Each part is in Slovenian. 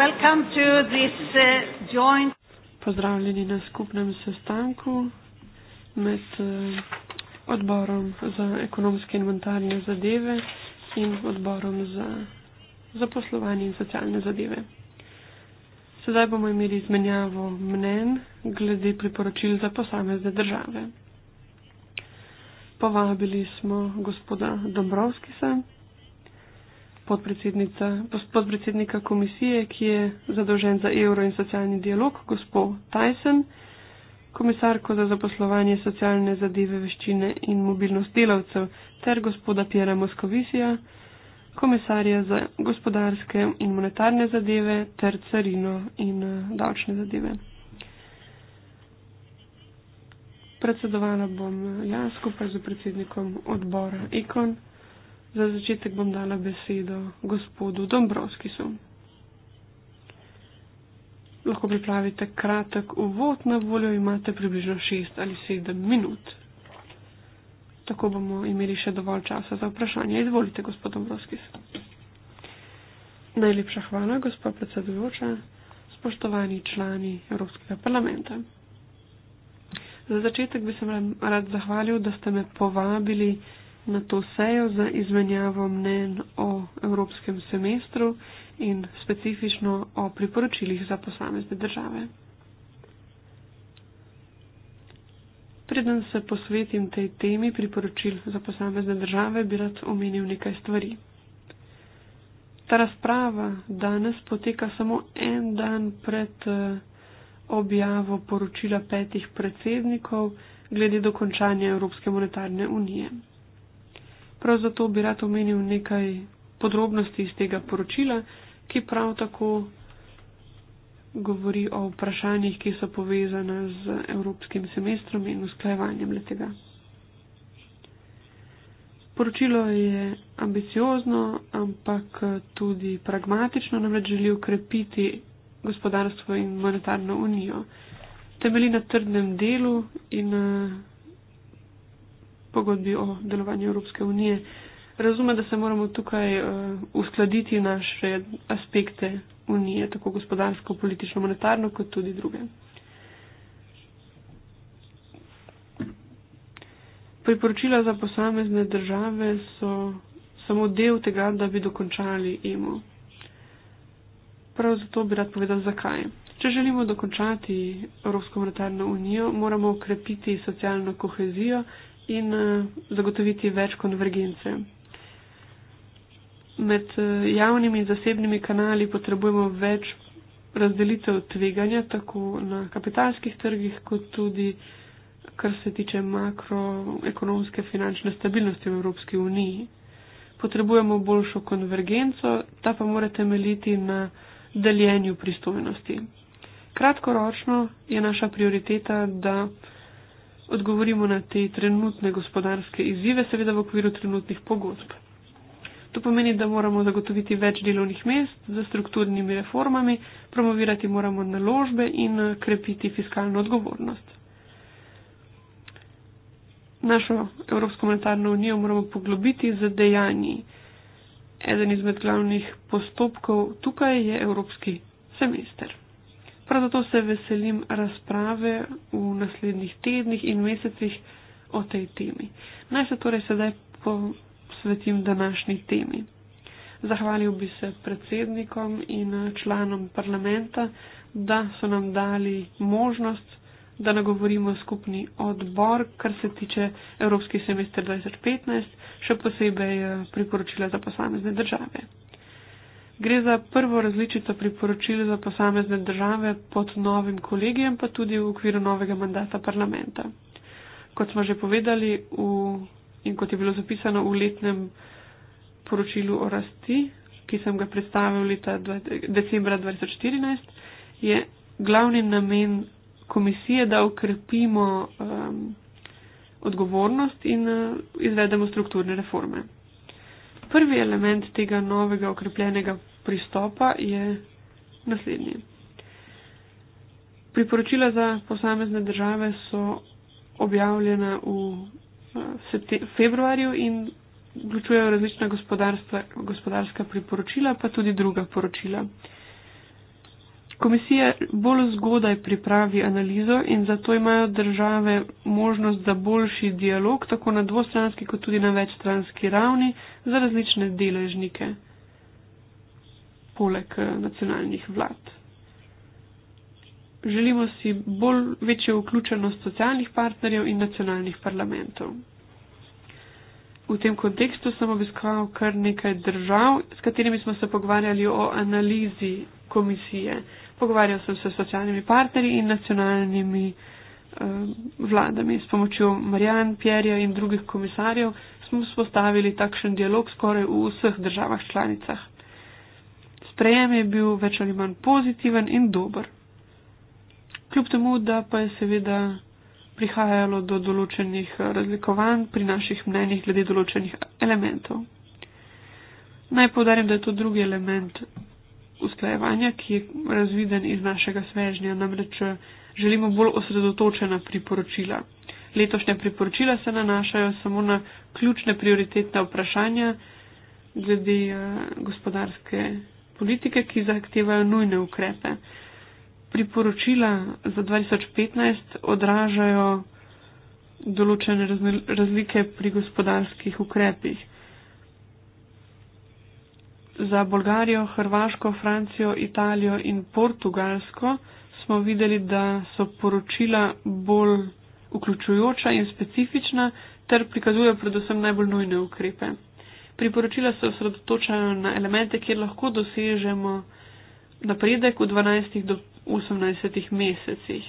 Uh, Pozdravljeni na skupnem sestanku med eh, odborom za ekonomske in monetarne zadeve in odborom za zaposlovanje in socialne zadeve. Sedaj bomo imeli izmenjavo mnen glede priporočil za posamezne države. Povabili smo gospoda Dombrovskisa, podpredsednica, podpredsednika komisije, ki je zadolžen za evro in socialni dialog, gospod Tyson, komisarko za zaposlovanje socialne zadeve, veščine in mobilnost delavcev, ter gospoda Pjera Moskovisija, komisarja za gospodarske in monetarne zadeve, ter carino in eh, davčne zadeve. Predsedovala bom eh, jaz skupaj z predsednikom odbora Ikon. Za začetek bom dala besedo gospodu Dombrovskisu. Lahko pripravite kratek uvod, na voljo imate približno 6 ali 7 minut. Tako bomo imeli še dovolj časa za vprašanje. Izvolite, gospod Dombrovskis. Najlepša hvala, gospod predsedujoča, spoštovani člani Evropskega parlamenta. Za začetek bi se vam rad zahvalil, da ste me povabili na to sejo za izmenjavo mnen o evropskem semestru in specifično o priporočilih za posamezne države. Preden se posvetim tej temi priporočil za posamezne države, bi rad omenil nekaj stvari. Ta razprava danes poteka samo en dan pred eh, objavo poročila petih predsednikov glede dokončanja Evropske monetarne unije. Prav zato bi rad omenil nekaj podrobnosti iz tega poročila, ki prav tako govori o vprašanjih, ki so povezane z evropskim semestrom in usklajevanjem letega. Poročilo je ambiciozno, ampak tudi pragmatično, namreč želi ukrepiti gospodarstvo in monetarno unijo. Temeli na trdnem delu in na pogodbi o delovanju Evropske unije. Razume, da se moramo tukaj uh, uskladiti naše aspekte unije, tako gospodarsko, politično, monetarno, kot tudi druge. Priporočila za posamezne države so samo del tega, da bi dokončali EMO. Prav zato bi rad povedal, zakaj. Če želimo dokončati Evropsko monetarno unijo, moramo okrepiti socialno kohezijo in eh, zagotoviti več konvergence. Med eh, javnimi in zasebnimi kanali potrebujemo več razdelitev tveganja, tako na kapitalskih trgih, kot tudi kar se tiče makroekonomske finančne stabilnosti v Evropski uniji. Potrebujemo boljšo konvergenco, ta pa mora temeljiti na deljenju pristojnosti. Kratkoročno je naša prioriteta, da odgovorimo na te trenutne gospodarske izzive, seveda v okviru trenutnih pogodb. To pomeni, da moramo zagotoviti več delovnih mest za strukturnimi reformami, promovirati moramo naložbe in eh, krepiti fiskalno odgovornost. Našo Evropsko monetarno unijo moramo poglobiti z dejanji. Eden izmed glavnih postopkov tukaj je Evropski semester. Prav zato se veselim razprave v naslednjih tednih in mesecih o tej temi. Naj se torej sedaj posvetim današnji temi. Zahvalil bi se predsednikom in članom parlamenta, da so nam dali možnost, da nagovorimo skupni odbor, kar se tiče Evropski semester 2015, še posebej eh, priporočila za posamezne države. Gre za prvo različico priporočil za posamezne države pod novim kolegijem, pa tudi v okviru novega mandata parlamenta. Kot smo že povedali v, in kot je bilo zapisano v letnem poročilu o rasti, ki sem ga predstavil leta decembra 2014, je glavni namen komisije, da ukrepimo um, odgovornost in uh, izvedemo strukturne reforme. Prvi element tega novega okrepljenega pristopa je naslednji. Priporočila za posamezne države so objavljena v eh, februarju in vključujejo različna gospodarska priporočila, pa tudi druga poročila. Komisija bolj zgodaj pripravi analizo in zato imajo države možnost za boljši dialog, tako na dvostranski kot tudi na večstranski ravni, za različne deležnike poleg eh, nacionalnih vlad. Želimo si bolj večjo vključenost socialnih partnerjev in nacionalnih parlamentov. V tem kontekstu sem obiskal kar nekaj držav, s katerimi smo se pogovarjali o analizi komisije. Pogovarjal sem se s socialnimi partnerji in nacionalnimi eh, vladami. S pomočjo Marjan, Pierja in drugih komisarjev smo spostavili takšen dialog skoraj v vseh državah članicah sprejem je bil več ali manj pozitiven in dober. Kljub temu, da pa je seveda prihajalo do določenih razlikovanj pri naših mnenjih glede določenih elementov. Naj povdarim, da je to drugi element usklajevanja, ki je razviden iz našega svežnja, namreč želimo bolj osredotočena priporočila. Letošnja priporočila se nanašajo samo na ključne prioritetne vprašanja glede eh, gospodarske politike, ki zahtevajo nujne ukrepe. Priporočila za 2015 odražajo določene razlike pri gospodarskih ukrepih. Za Bolgarijo, Hrvaško, Francijo, Italijo in Portugalsko smo videli, da so poročila bolj vključujoča in specifična ter prikazujejo predvsem najbolj nujne ukrepe. Priporočila se osredotočajo na elemente, kjer lahko dosežemo napredek v 12 do 18 mesecih.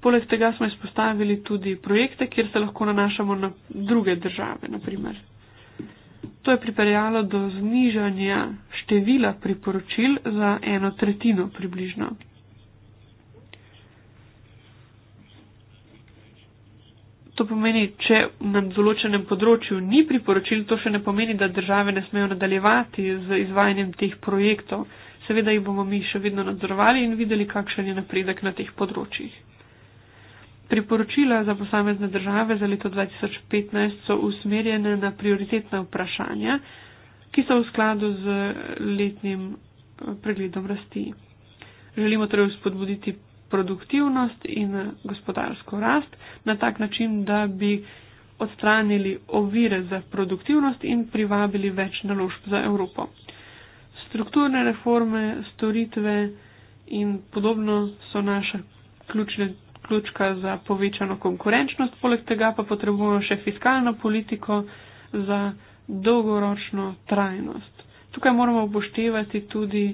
Poleg tega smo izpostavili tudi projekte, kjer se lahko nanašamo na druge države, naprimer. To je pripeljalo do znižanja števila priporočil za eno tretjino približno. To pomeni, če na določenem področju ni priporočil, to še ne pomeni, da države ne smejo nadaljevati z izvajanjem teh projektov. Seveda jih bomo mi še vedno nadzorovali in videli, kakšen je napredek na teh področjih. Priporočila za posamezne države za leto 2015 so usmerjene na prioritetna vprašanja, ki so v skladu z letnim eh, pregledom rasti. Želimo torej spodbuditi produktivnost in gospodarsko rast na tak način, da bi odstranili ovire za produktivnost in privabili več naložb za Evropo. Strukturne reforme, storitve in podobno so naša ključne ključka za povečano konkurenčnost, poleg tega pa potrebujemo še fiskalno politiko za dolgoročno trajnost. Tukaj moramo upoštevati tudi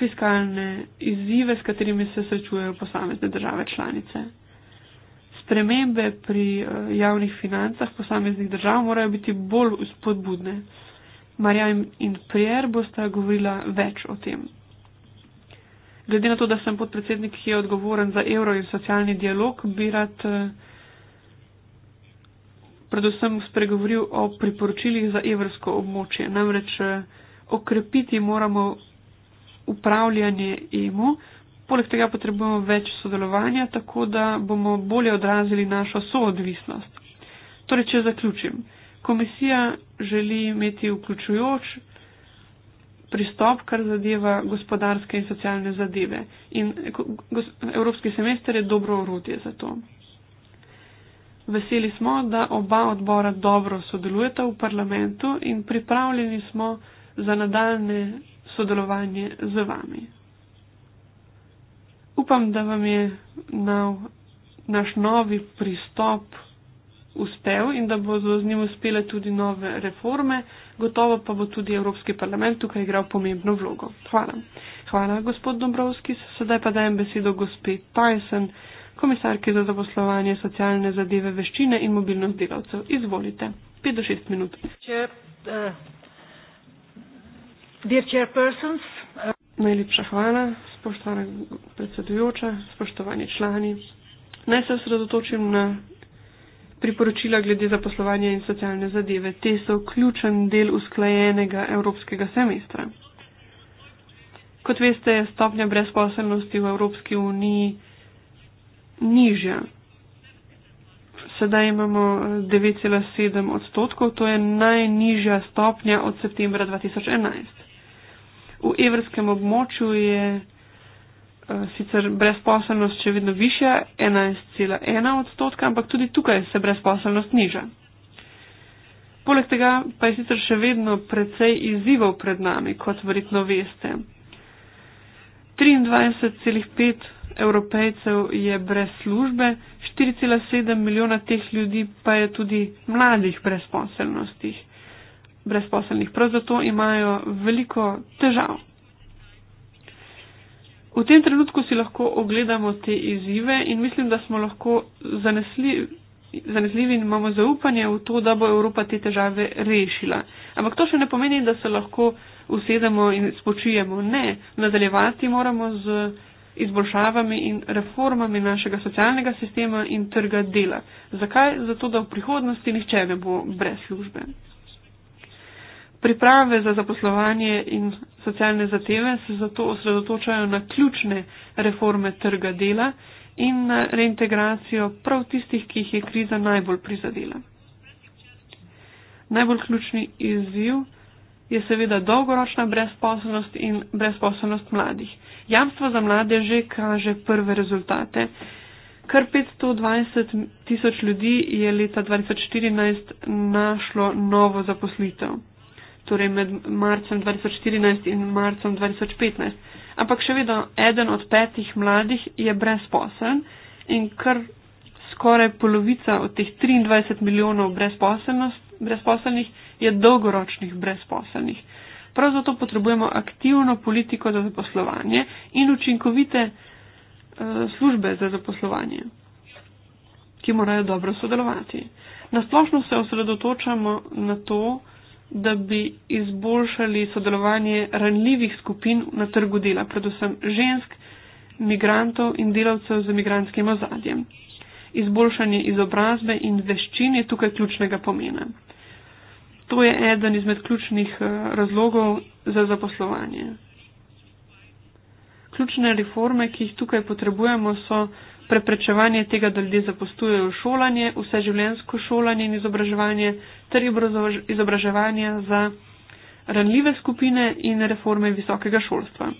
fiskalne izzive, s katerimi se srečujejo posamezne države članice. Spremembe pri eh, javnih financah posameznih držav morajo biti bolj spodbudne. Marjam in Prijer bosta govorila več o tem. Glede na to, da sem podpredsednik, ki je odgovoren za evro in socialni dialog, bi rad eh, predvsem spregovoril o priporočilih za evrsko območje. Namreč eh, okrepiti moramo upravljanje emu. Poleg tega potrebujemo več sodelovanja, tako da bomo bolje odrazili našo soodvisnost. Torej, če zaključim. Komisija želi imeti vključujoč pristop, kar zadeva gospodarske in socialne zadeve. In Evropski semester je dobro orodje za to. Veseli smo, da oba odbora dobro sodelujeta v parlamentu in pripravljeni smo za nadaljne sodelovanje z vami. Upam, da vam je na, naš novi pristop uspel in da bo z njim uspele tudi nove reforme. Gotovo pa bo tudi Evropski parlament tukaj igral pomembno vlogo. Hvala. Hvala, gospod Dombrovski. Sedaj pa dajem besedo gospe Tyson, komisarki za zaposlovanje, socialne zadeve, veščine in mobilnost delavcev. Izvolite. 5 do 6 minut. Če, eh, Dear chairpersons, uh... Najlepša hvala, spoštovana predsedujoča, spoštovani člani. Naj se osredotočim na priporočila glede zaposlovanja in socialne zadeve. Te so ključen del usklajenega evropskega semestra. Kot veste, je stopnja brezposelnosti v Evropski uniji nižja. Sedaj imamo 9,7 uh, odstotkov, to je najnižja stopnja od septembra 2011. V evrskem območju je uh, sicer brezposelnost še vedno višja, 11,1 odstotka, ampak tudi tukaj se brezposelnost niža. Poleg tega pa je sicer še vedno precej izzivov pred nami, kot verjetno veste. 23,5 evropejcev je brez službe, 4,7 milijona teh ljudi pa je tudi mladih brezposelnostih brezposelnih. Prav zato imajo veliko težav. V tem trenutku si lahko ogledamo te izzive in mislim, da smo lahko zanesli, zanesljivi in imamo zaupanje v to, da bo Evropa te težave rešila. Ampak to še ne pomeni, da se lahko usedemo in spočijemo. Ne, nadaljevati moramo z izboljšavami in reformami našega socialnega sistema in trga dela. Zakaj? Zato, da v prihodnosti nihče ne bo brez službe. Priprave za zaposlovanje in socialne zateve se zato osredotočajo na ključne reforme trga dela in na reintegracijo prav tistih, ki jih je kriza najbolj prizadela. Najbolj ključni izziv je seveda dolgoročna brezposobnost in brezposobnost mladih. Jamstvo za mlade že kaže prve rezultate. Kar 520 tisoč ljudi je leta 2014 našlo novo zaposlitev torej med marcem 2014 in marcem 2015. Ampak še vedno eden od petih mladih je brezposeln in kar skoraj polovica od teh 23 milijonov brezposelnih je dolgoročnih brezposelnih. Prav zato potrebujemo aktivno politiko za zaposlovanje in učinkovite eh, službe za zaposlovanje, ki morajo dobro sodelovati. Nasplošno se osredotočamo na to, da bi izboljšali sodelovanje ranljivih skupin na trgu dela, predvsem žensk, migrantov in delavcev z migranskim ozadjem. Izboljšanje izobrazbe in veščin je tukaj ključnega pomena. To je eden izmed ključnih eh, razlogov za zaposlovanje. Ključne reforme, ki jih tukaj potrebujemo, so preprečevanje tega, da ljudje zapustujejo šolanje, vse življensko šolanje in izobraževanje ter izobraževanje za ranljive skupine in reforme visokega šolstva.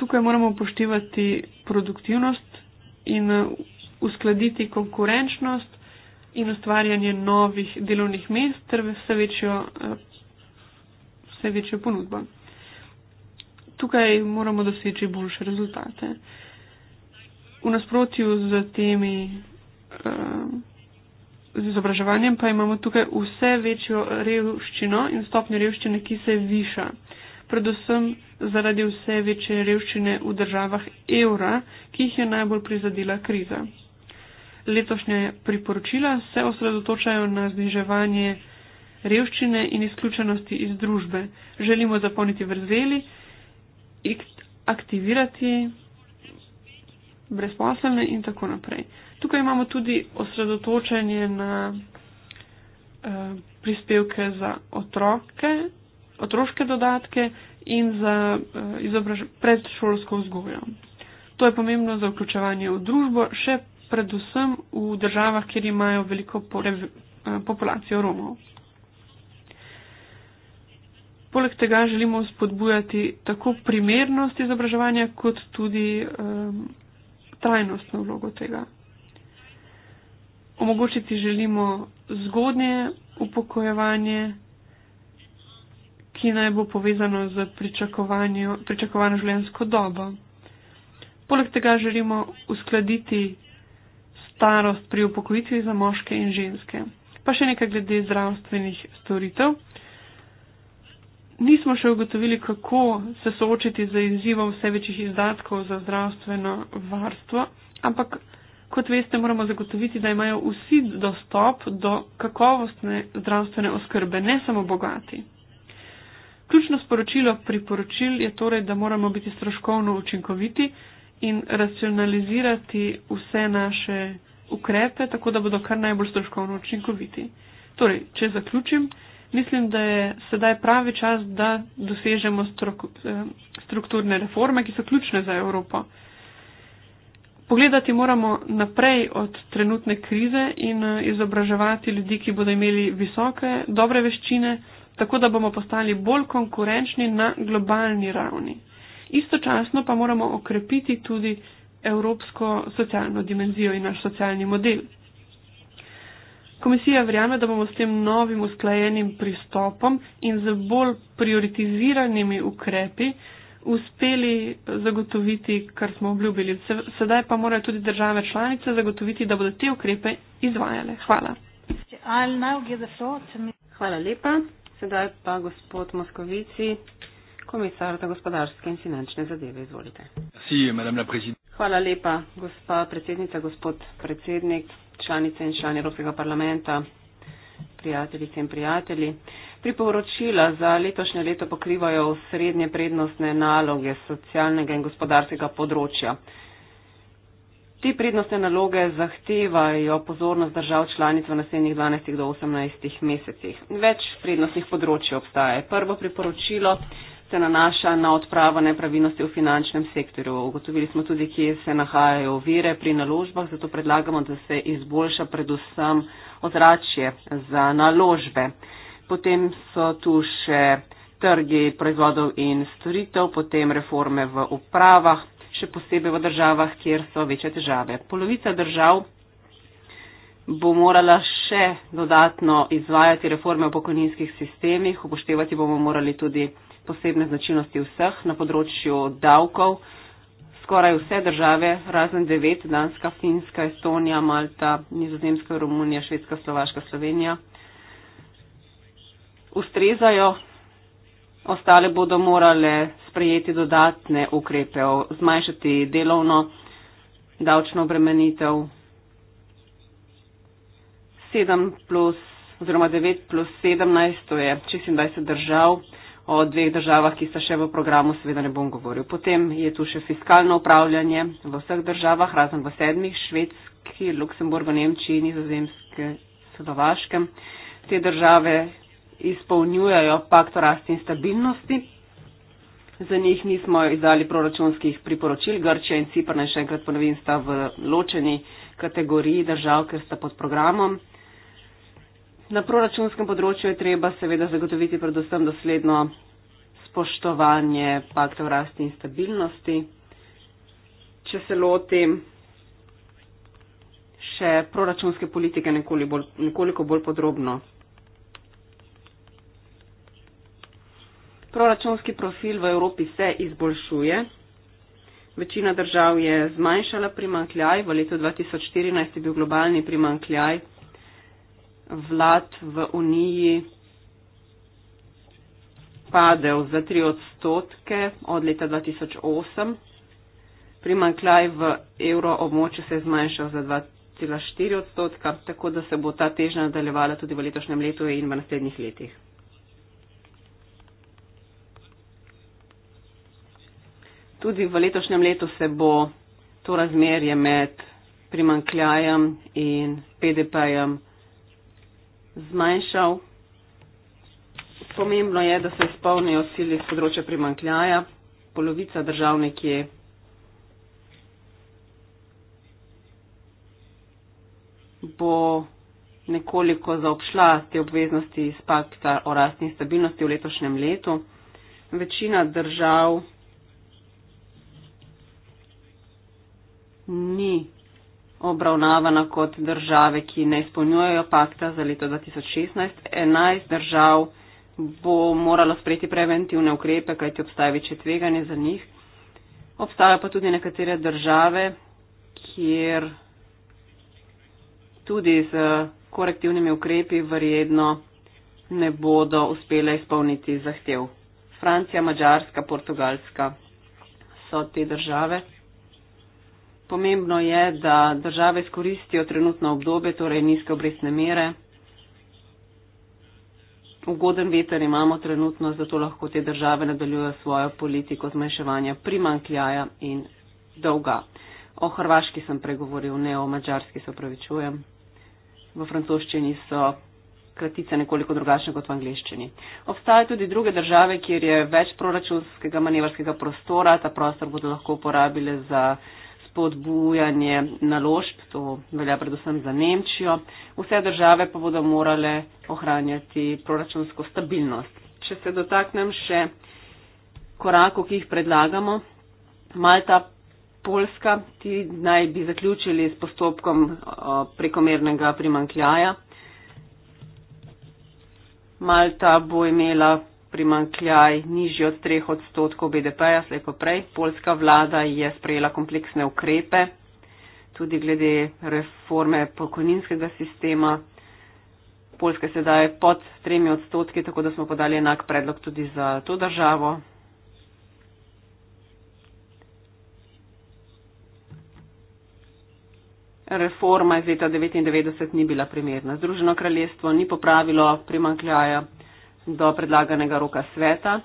Tukaj moramo upoštevati produktivnost in uh, uskladiti konkurenčnost in ustvarjanje novih delovnih mest ter vse večjo, uh, vse večjo ponudbo tukaj moramo doseči boljše rezultate. V nasprotju z temi, eh, z izobraževanjem, pa imamo tukaj vse večjo revščino in stopnjo revščine, ki se viša. Predvsem zaradi vse večje revščine v državah evra, ki jih je najbolj prizadela kriza. Letošnje priporočila se osredotočajo na zniževanje revščine in izključenosti iz družbe. Želimo zapolniti vrzeli, aktivirati brezposelne in tako naprej. Tukaj imamo tudi osredotočenje na eh, prispevke za otroke, otroške dodatke in za eh, predšolsko vzgojo. To je pomembno za vključevanje v družbo, še predvsem v državah, kjer imajo veliko eh, populacijo Romov. Poleg tega želimo spodbujati tako primernost izobraževanja, kot tudi um, trajnostno vlogo tega. Omogočiti želimo zgodnje upokojevanje, ki naj bo povezano z pričakovano življenjsko dobo. Poleg tega želimo uskladiti starost pri upokojitvi za moške in ženske. Pa še nekaj glede zdravstvenih storitev nismo še ugotovili, kako se soočiti z izzivom vse večjih izdatkov za zdravstveno varstvo, ampak kot veste, moramo zagotoviti, da imajo vsi dostop do kakovostne zdravstvene oskrbe, ne samo bogati. Ključno sporočilo priporočil je torej, da moramo biti stroškovno učinkoviti in racionalizirati vse naše ukrepe, tako da bodo kar najbolj stroškovno učinkoviti. Torej, če zaključim, Mislim, da je sedaj pravi čas, da dosežemo eh, strukturne reforme, ki so ključne za Evropo. Pogledati moramo naprej od trenutne krize in eh, izobraževati ljudi, ki bodo imeli visoke, dobre veščine, tako da bomo postali bolj konkurenčni na globalni ravni. Istočasno pa moramo okrepiti tudi evropsko socialno dimenzijo in naš socialni model. Komisija verjame, da bomo s tem novim usklajenim pristopom in z bolj prioritiziranimi ukrepi uspeli zagotoviti, kar smo obljubili. Sedaj pa morajo tudi države članice zagotoviti, da bodo te ukrepe izvajale. Hvala. Hvala lepa. Sedaj pa gospod Moskovici komisar za gospodarske in finančne zadeve. Izvolite. Hvala lepa, gospa predsednica, gospod predsednik, članice in člani Evropskega parlamenta, prijateljice in prijatelji. Priporočila za letošnje leto pokrivajo srednje prednostne naloge socialnega in gospodarskega področja. Te prednostne naloge zahtevajo pozornost držav članic v naslednjih 12 do 18 mesecih. Več prednostnih področji obstaja. Prvo priporočilo se nanaša na odpravo nepravilnosti v finančnem sektorju. Ugotovili smo tudi, kje se nahajajo vire pri naložbah, zato predlagamo, da se izboljša predvsem ozračje za naložbe. Potem so tu še trgi proizvodov in storitev, potem reforme v upravah, še posebej v državah, kjer so večje težave. Polovica držav bo morala še dodatno izvajati reforme v pokojninskih sistemih, upoštevati bomo morali tudi posebne značilnosti vseh na področju davkov. Skoraj vse države, razen devet, Danska, Finska, Estonija, Malta, Nizozemska, Romunija, Švedska, Slovaška, Slovenija, ustrezajo, ostale bodo morale sprejeti dodatne ukrepe, zmanjšati delovno davčno obremenitev. 7 plus oziroma 9 plus 17, to je 26 držav o dveh državah, ki sta še v programu, seveda ne bom govoril. Potem je tu še fiskalno upravljanje v vseh državah, razen v sedmih, Švedski, Luksemburgu, Nemčiji, Nizozemske, Slovaškem. Te države izpolnjujejo pakt o rasti in stabilnosti. Za njih nismo izdali proračunskih priporočil. Grčija in Cipr, naj še enkrat ponovim, sta v ločeni kategoriji držav, ker sta pod programom. Na proračunskem področju je treba seveda zagotoviti predvsem dosledno spoštovanje pakta o rasti in stabilnosti. Če se lotim še proračunske politike nekoliko bolj, nekoliko bolj podrobno. Proračunski profil v Evropi se izboljšuje. Večina držav je zmanjšala primankljaj. V letu 2014 je bil globalni primankljaj vlad v Uniji padel za tri odstotke od leta 2008, primankljaj v evroobmočju se je zmanjšal za 2,4 odstotka, tako da se bo ta težnja nadaljevala tudi v letošnjem letu in v naslednjih letih. Tudi v letošnjem letu se bo to razmerje med primankljajem in PDP-jem zmanjšal. Pomembno je, da se izpolnijo cilji z področja primankljaja, polovica državne kje. bo nekoliko zaobšla te obveznosti iz pakta o rasti in stabilnosti v letošnjem letu. Večina držav ni obravnavana kot države, ki ne izpolnjujejo pakta za leto 2016. 11 držav bo moralo sprejeti preventivne ukrepe, kajti obstaja večje tveganje za njih. Obstajajo pa tudi nekatere države, kjer tudi z korektivnimi ukrepi verjetno ne bodo uspele izpolniti zahtev. Francija, Mačarska, Portugalska so te države. Pomembno je, da države skoristijo trenutno obdobje, torej nizke obrestne mere. Ugoden veter imamo trenutno, zato lahko te države nadaljujejo svojo politiko zmanjševanja primankljaja in dolga. O Hrvaški sem pregovoril, ne o Mačarski, se opravičujem. V francoščini so kratice nekoliko drugačne kot v angliščini. Obstajajo tudi druge države, kjer je več proračunskega manevrskega prostora. Ta prostor bodo lahko uporabile za spodbujanje naložb, to velja predvsem za Nemčijo. Vse države pa bodo morale ohranjati proračunsko stabilnost. Če se dotaknem še korakov, ki jih predlagamo, Malta, Poljska, ti naj bi zaključili s postopkom prekomernega primankljaja. Malta bo imela primankljaj nižji od 3 odstotkov BDP-ja, slej pa prej. Polska vlada je sprejela kompleksne ukrepe, tudi glede reforme pokojninskega sistema. Polska sedaj je pod 3 odstotki, tako da smo podali enak predlog tudi za to državo. Reforma iz leta 1999 ni bila primerna. Združeno kraljestvo ni popravilo primankljaja do predlaganega roka sveta.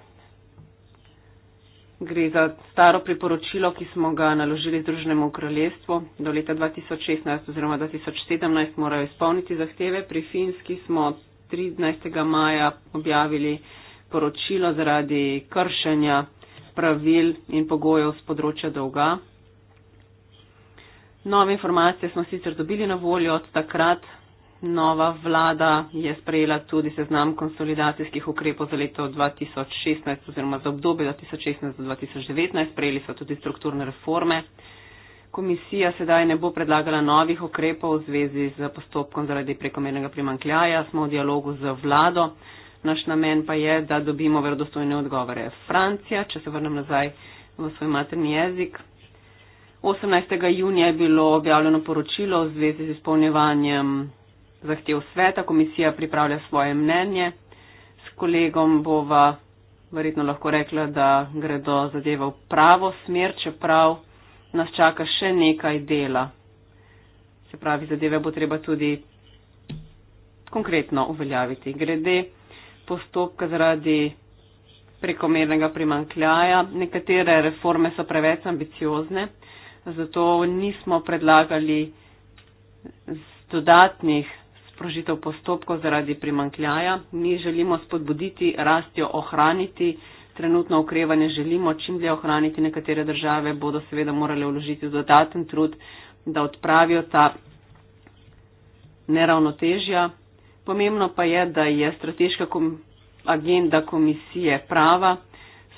Gre za staro priporočilo, ki smo ga naložili Združenemu kraljestvu. Do leta 2016 oziroma 2017 morajo izpolniti zahteve. Pri Finski smo 13. maja objavili poročilo zaradi kršenja pravil in pogojev z področja dolga. Nove informacije smo sicer dobili na voljo od takrat, nova vlada je sprejela tudi seznam konsolidacijskih ukrepov za leto 2016 oziroma za obdobje 2016 do 2019. Sprejeli so tudi strukturne reforme. Komisija sedaj ne bo predlagala novih ukrepov v zvezi z postopkom zaradi prekomernega primankljaja. Smo v dialogu z vlado. Naš namen pa je, da dobimo verodostojne odgovore. Francija, če se vrnem nazaj v svoj materni jezik. 18. junija je bilo objavljeno poročilo v zvezi z izpolnjevanjem zahtev sveta, komisija pripravlja svoje mnenje. S kolegom bova verjetno lahko rekla, da gredo zadeva v pravo smer, čeprav nas čaka še nekaj dela. Se pravi, zadeve bo treba tudi konkretno uveljaviti. Grede postopka zaradi prekomernega primankljaja. Nekatere reforme so preveč ambiciozne, zato nismo predlagali dodatnih sprožitev postopkov zaradi primankljaja. Mi želimo spodbuditi rastjo ohraniti. Trenutno okrevanje želimo čim dlje ohraniti. Nekatere države bodo seveda morale vložiti dodaten trud, da odpravijo ta neravnotežja. Pomembno pa je, da je strateška kom agenda komisije prava.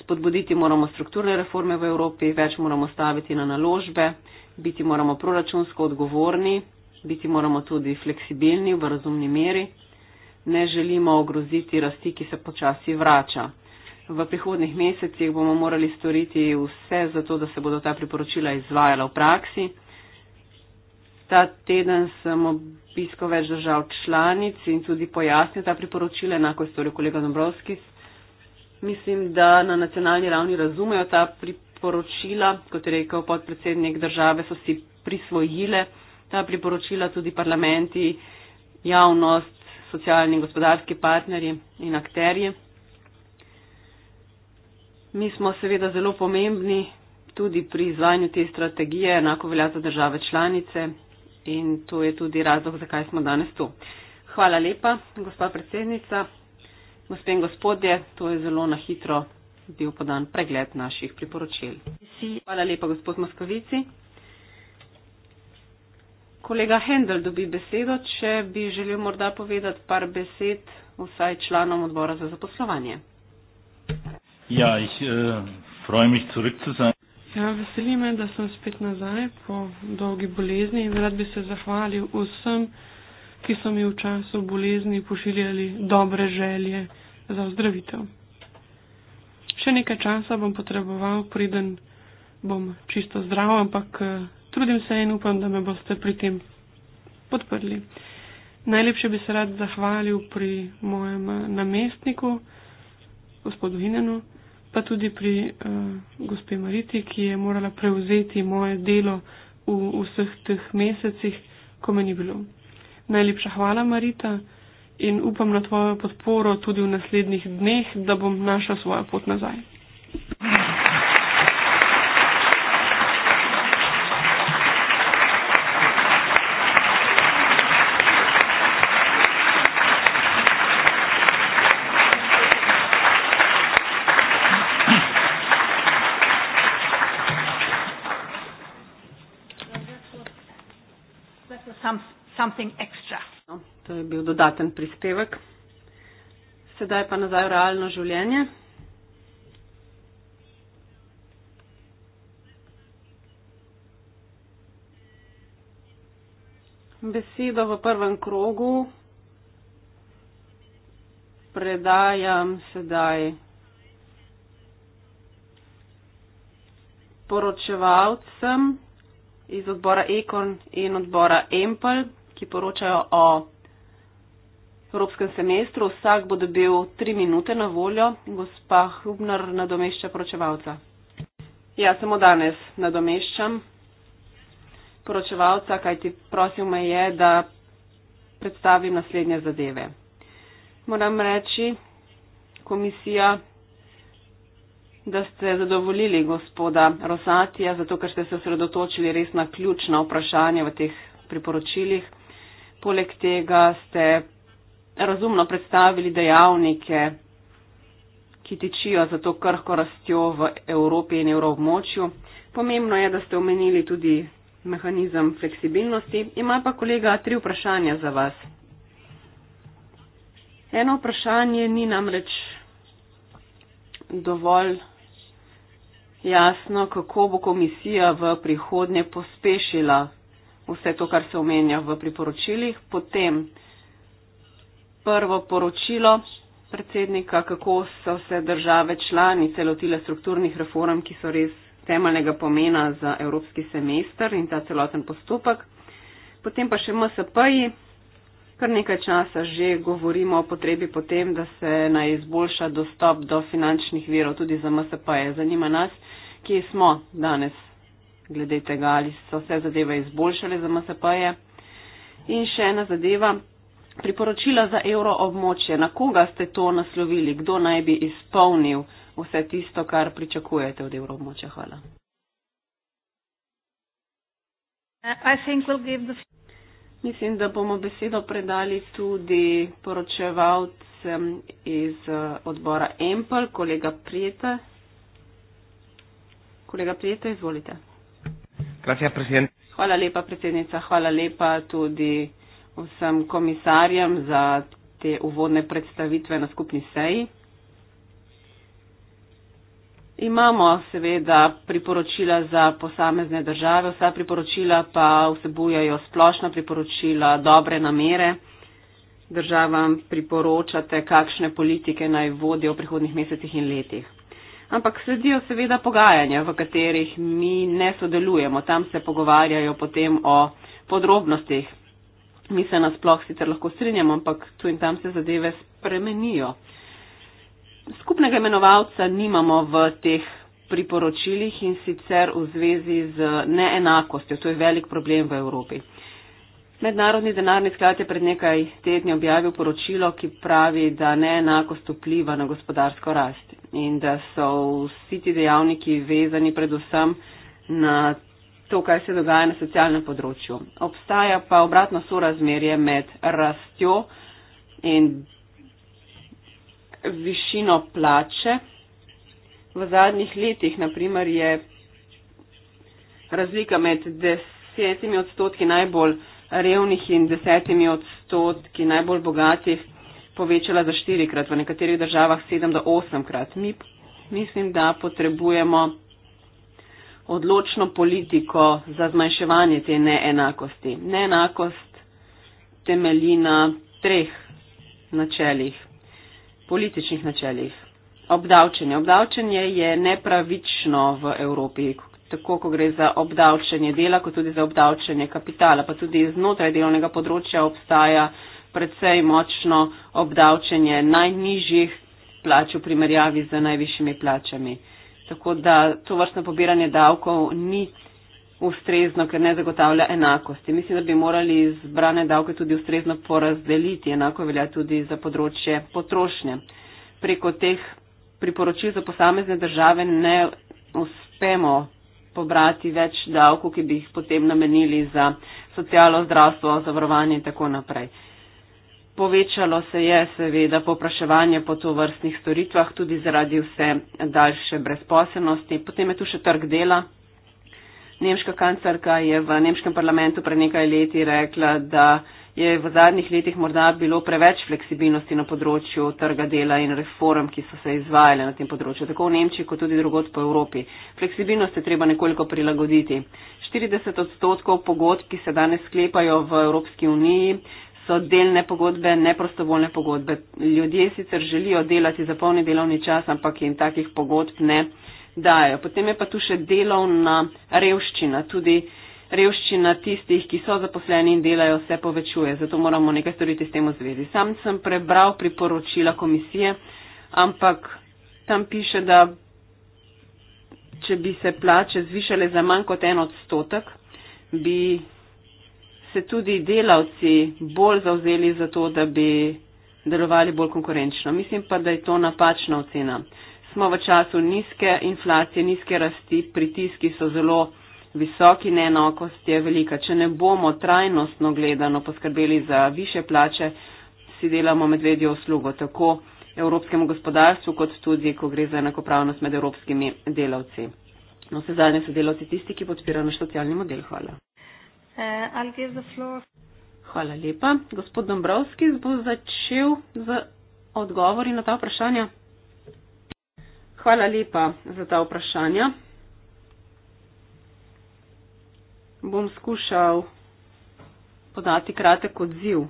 Spodbuditi moramo strukturne reforme v Evropi, več moramo staviti na naložbe, biti moramo proračunsko odgovorni biti moramo tudi fleksibilni v razumni meri, ne želimo ogroziti rasti, ki se počasi vrača. V prihodnih mesecih bomo morali storiti vse za to, da se bodo ta priporočila izvajala v praksi. Ta teden sem obiskal več držav članic in tudi pojasnil ta priporočila, enako je storil kolega Dombrovski. Mislim, da na nacionalni ravni razumejo ta priporočila, kot je rekel podpredsednik države, so si prisvojile ta priporočila tudi parlamenti, javnost, socialni in gospodarski partnerji in akterji. Mi smo seveda zelo pomembni tudi pri izvajanju te strategije, enako velja za države članice in to je tudi razlog, zakaj smo danes tu. Hvala lepa, gospa predsednica, gospe in gospodje, to je zelo na hitro bil podan pregled naših priporočil. Hvala lepa, gospod Moskovici kolega Hendel dobi besedo, če bi želel morda povedati par besed vsaj članom odbora za zaposlovanje. Ja, ich, uh, ja, veseli me, da sem spet nazaj po dolgi bolezni in rad bi se zahvalil vsem, ki so mi v času bolezni pošiljali dobre želje za ozdravitev. Še nekaj časa bom potreboval, preden bom čisto zdrav, ampak eh, trudim se in upam, da me boste pri tem podprli. Najlepše bi se rad zahvalil pri mojem eh, namestniku, gospodu Hinenu, pa tudi pri uh, gospe Mariti, ki je morala prevzeti moje delo v vseh teh mesecih, ko me ni bilo. Najlepša hvala, Marita, in upam na tvojo podporo tudi v naslednjih dneh, da bom našla svojo pot nazaj. Hvala. something extra. No, to je bil dodaten prispevek. Sedaj pa nazaj v realno življenje. Besedo v prvem krogu predajam sedaj poročevalcem iz odbora Ekon in odbora Empel ki poročajo o evropskem semestru. Vsak bo dobil tri minute na voljo. Gospa Hubner nadomešča poročevalca. Ja, samo danes nadomeščam poročevalca, kajti prosil me je, da predstavim naslednje zadeve. Moram reči, komisija, da ste zadovoljili gospoda Rosatija, zato ker ste se osredotočili res na ključna vprašanja v teh priporočilih poleg tega ste razumno predstavili dejavnike, ki tičijo za to krhko rastjo v Evropi in evroobmočju. Pomembno je, da ste omenili tudi mehanizem fleksibilnosti. Ima pa kolega tri vprašanja za vas. Eno vprašanje ni namreč dovolj jasno, kako bo komisija v prihodnje pospešila vse to, kar se omenja v priporočilih. Potem prvo poročilo predsednika, kako so se države članice lotile strukturnih reform, ki so res temeljnega pomena za evropski semester in ta celoten postopek. Potem pa še MSP-ji. Kar nekaj časa že govorimo o potrebi potem, da se naj izboljša dostop do finančnih virov tudi za MSP-je. Zanima nas, kje smo danes glede tega, ali so se zadeve izboljšale za MSP-je. In še ena zadeva, priporočila za evro območje. Na koga ste to naslovili? Kdo naj bi izpolnil vse tisto, kar pričakujete od evro območja? Hvala. Mislim, da bomo besedo predali tudi poročevalcem iz eh, odbora EMPL, kolega Prijete. Kolega Prijete, izvolite. Gracias, president. Hvala lepa, predsednica. Hvala lepa tudi vsem komisarjem za te uvodne predstavitve na skupni seji. Imamo seveda priporočila za posamezne države, vsa priporočila pa vsebujajo splošna priporočila, dobre namere. Državam priporočate, kakšne politike naj vodijo v prihodnih mesecih in letih ampak sledijo seveda pogajanja, v katerih mi ne sodelujemo. Tam se pogovarjajo potem o podrobnostih. Mi se nasploh sicer lahko strinjamo, ampak tu in tam se zadeve spremenijo. Skupnega imenovalca nimamo v teh priporočilih in sicer v zvezi z neenakostjo. To je velik problem v Evropi. Mednarodni denarni sklad je pred nekaj tedni objavil poročilo, ki pravi, da neenakost vpliva na gospodarsko rast in da so vsi ti dejavniki vezani predvsem na to, kaj se dogaja na socialnem področju. Obstaja pa obratno sorazmerje med rastjo in višino plače. V zadnjih letih, naprimer, je razlika med desetimi odstotki najbolj revnih in desetimi odstotki najbolj bogatih povečala za štirikrat, v nekaterih državah sedem do osemkrat. Mi mislim, da potrebujemo odločno politiko za zmanjševanje te neenakosti. Neenakost temelji na treh načelih, političnih načelih. Obdavčenje. Obdavčenje je nepravično v Evropi, tako, ko gre za obdavčanje dela, kot tudi za obdavčanje kapitala, pa tudi znotraj delovnega področja obstaja predvsej močno obdavčanje najnižjih plač v primerjavi z najvišjimi plačami. Tako da to vrstno pobiranje davkov ni ustrezno, ker ne zagotavlja enakosti. Mislim, da bi morali zbrane davke tudi ustrezno porazdeliti, enako velja tudi za področje potrošnje. Preko teh priporočil za posamezne države ne uspemo pobrati več davkov, ki bi jih potem namenili za socialno zdravstvo, zavarovanje in tako naprej. Povečalo se je seveda popraševanje po to vrstnih storitvah tudi zaradi vse daljše brezposelnosti. Potem je tu še trg dela. Nemška kancerka je v nemškem parlamentu pred nekaj leti rekla, da je v zadnjih letih morda bilo preveč fleksibilnosti na področju trga dela in reform, ki so se izvajale na tem področju, tako v Nemčiji kot tudi drugot po Evropi. Fleksibilnost je treba nekoliko prilagoditi. 40 odstotkov pogodb, ki se danes sklepajo v Evropski uniji, so delne pogodbe, neprostovoljne pogodbe. Ljudje sicer želijo delati za polni delovni čas, ampak jim takih pogodb ne dajo. Potem je pa tu še delovna revščina. Tudi revščina tistih, ki so zaposleni in delajo, se povečuje. Zato moramo nekaj storiti s tem v zvezi. Sam sem prebral priporočila komisije, ampak tam piše, da če bi se plače zvišale za manj kot en odstotek, bi se tudi delavci bolj zauzeli za to, da bi delovali bolj konkurenčno. Mislim pa, da je to napačna ocena. Smo v času nizke inflacije, nizke rasti, pritiski so zelo visoki neenakost je velika. Če ne bomo trajnostno gledano poskrbeli za više plače, si delamo medvedjo uslugo tako evropskemu gospodarstvu, kot tudi, ko gre za enakopravnost med evropskimi delavci. No, vse zadnje so delavci tisti, ki podpirajo naš socialni model. Hvala. Eh, Hvala lepa. Gospod Dombrovski bo začel z odgovori na ta vprašanja. Hvala lepa za ta vprašanja. bom skušal podati kratek odziv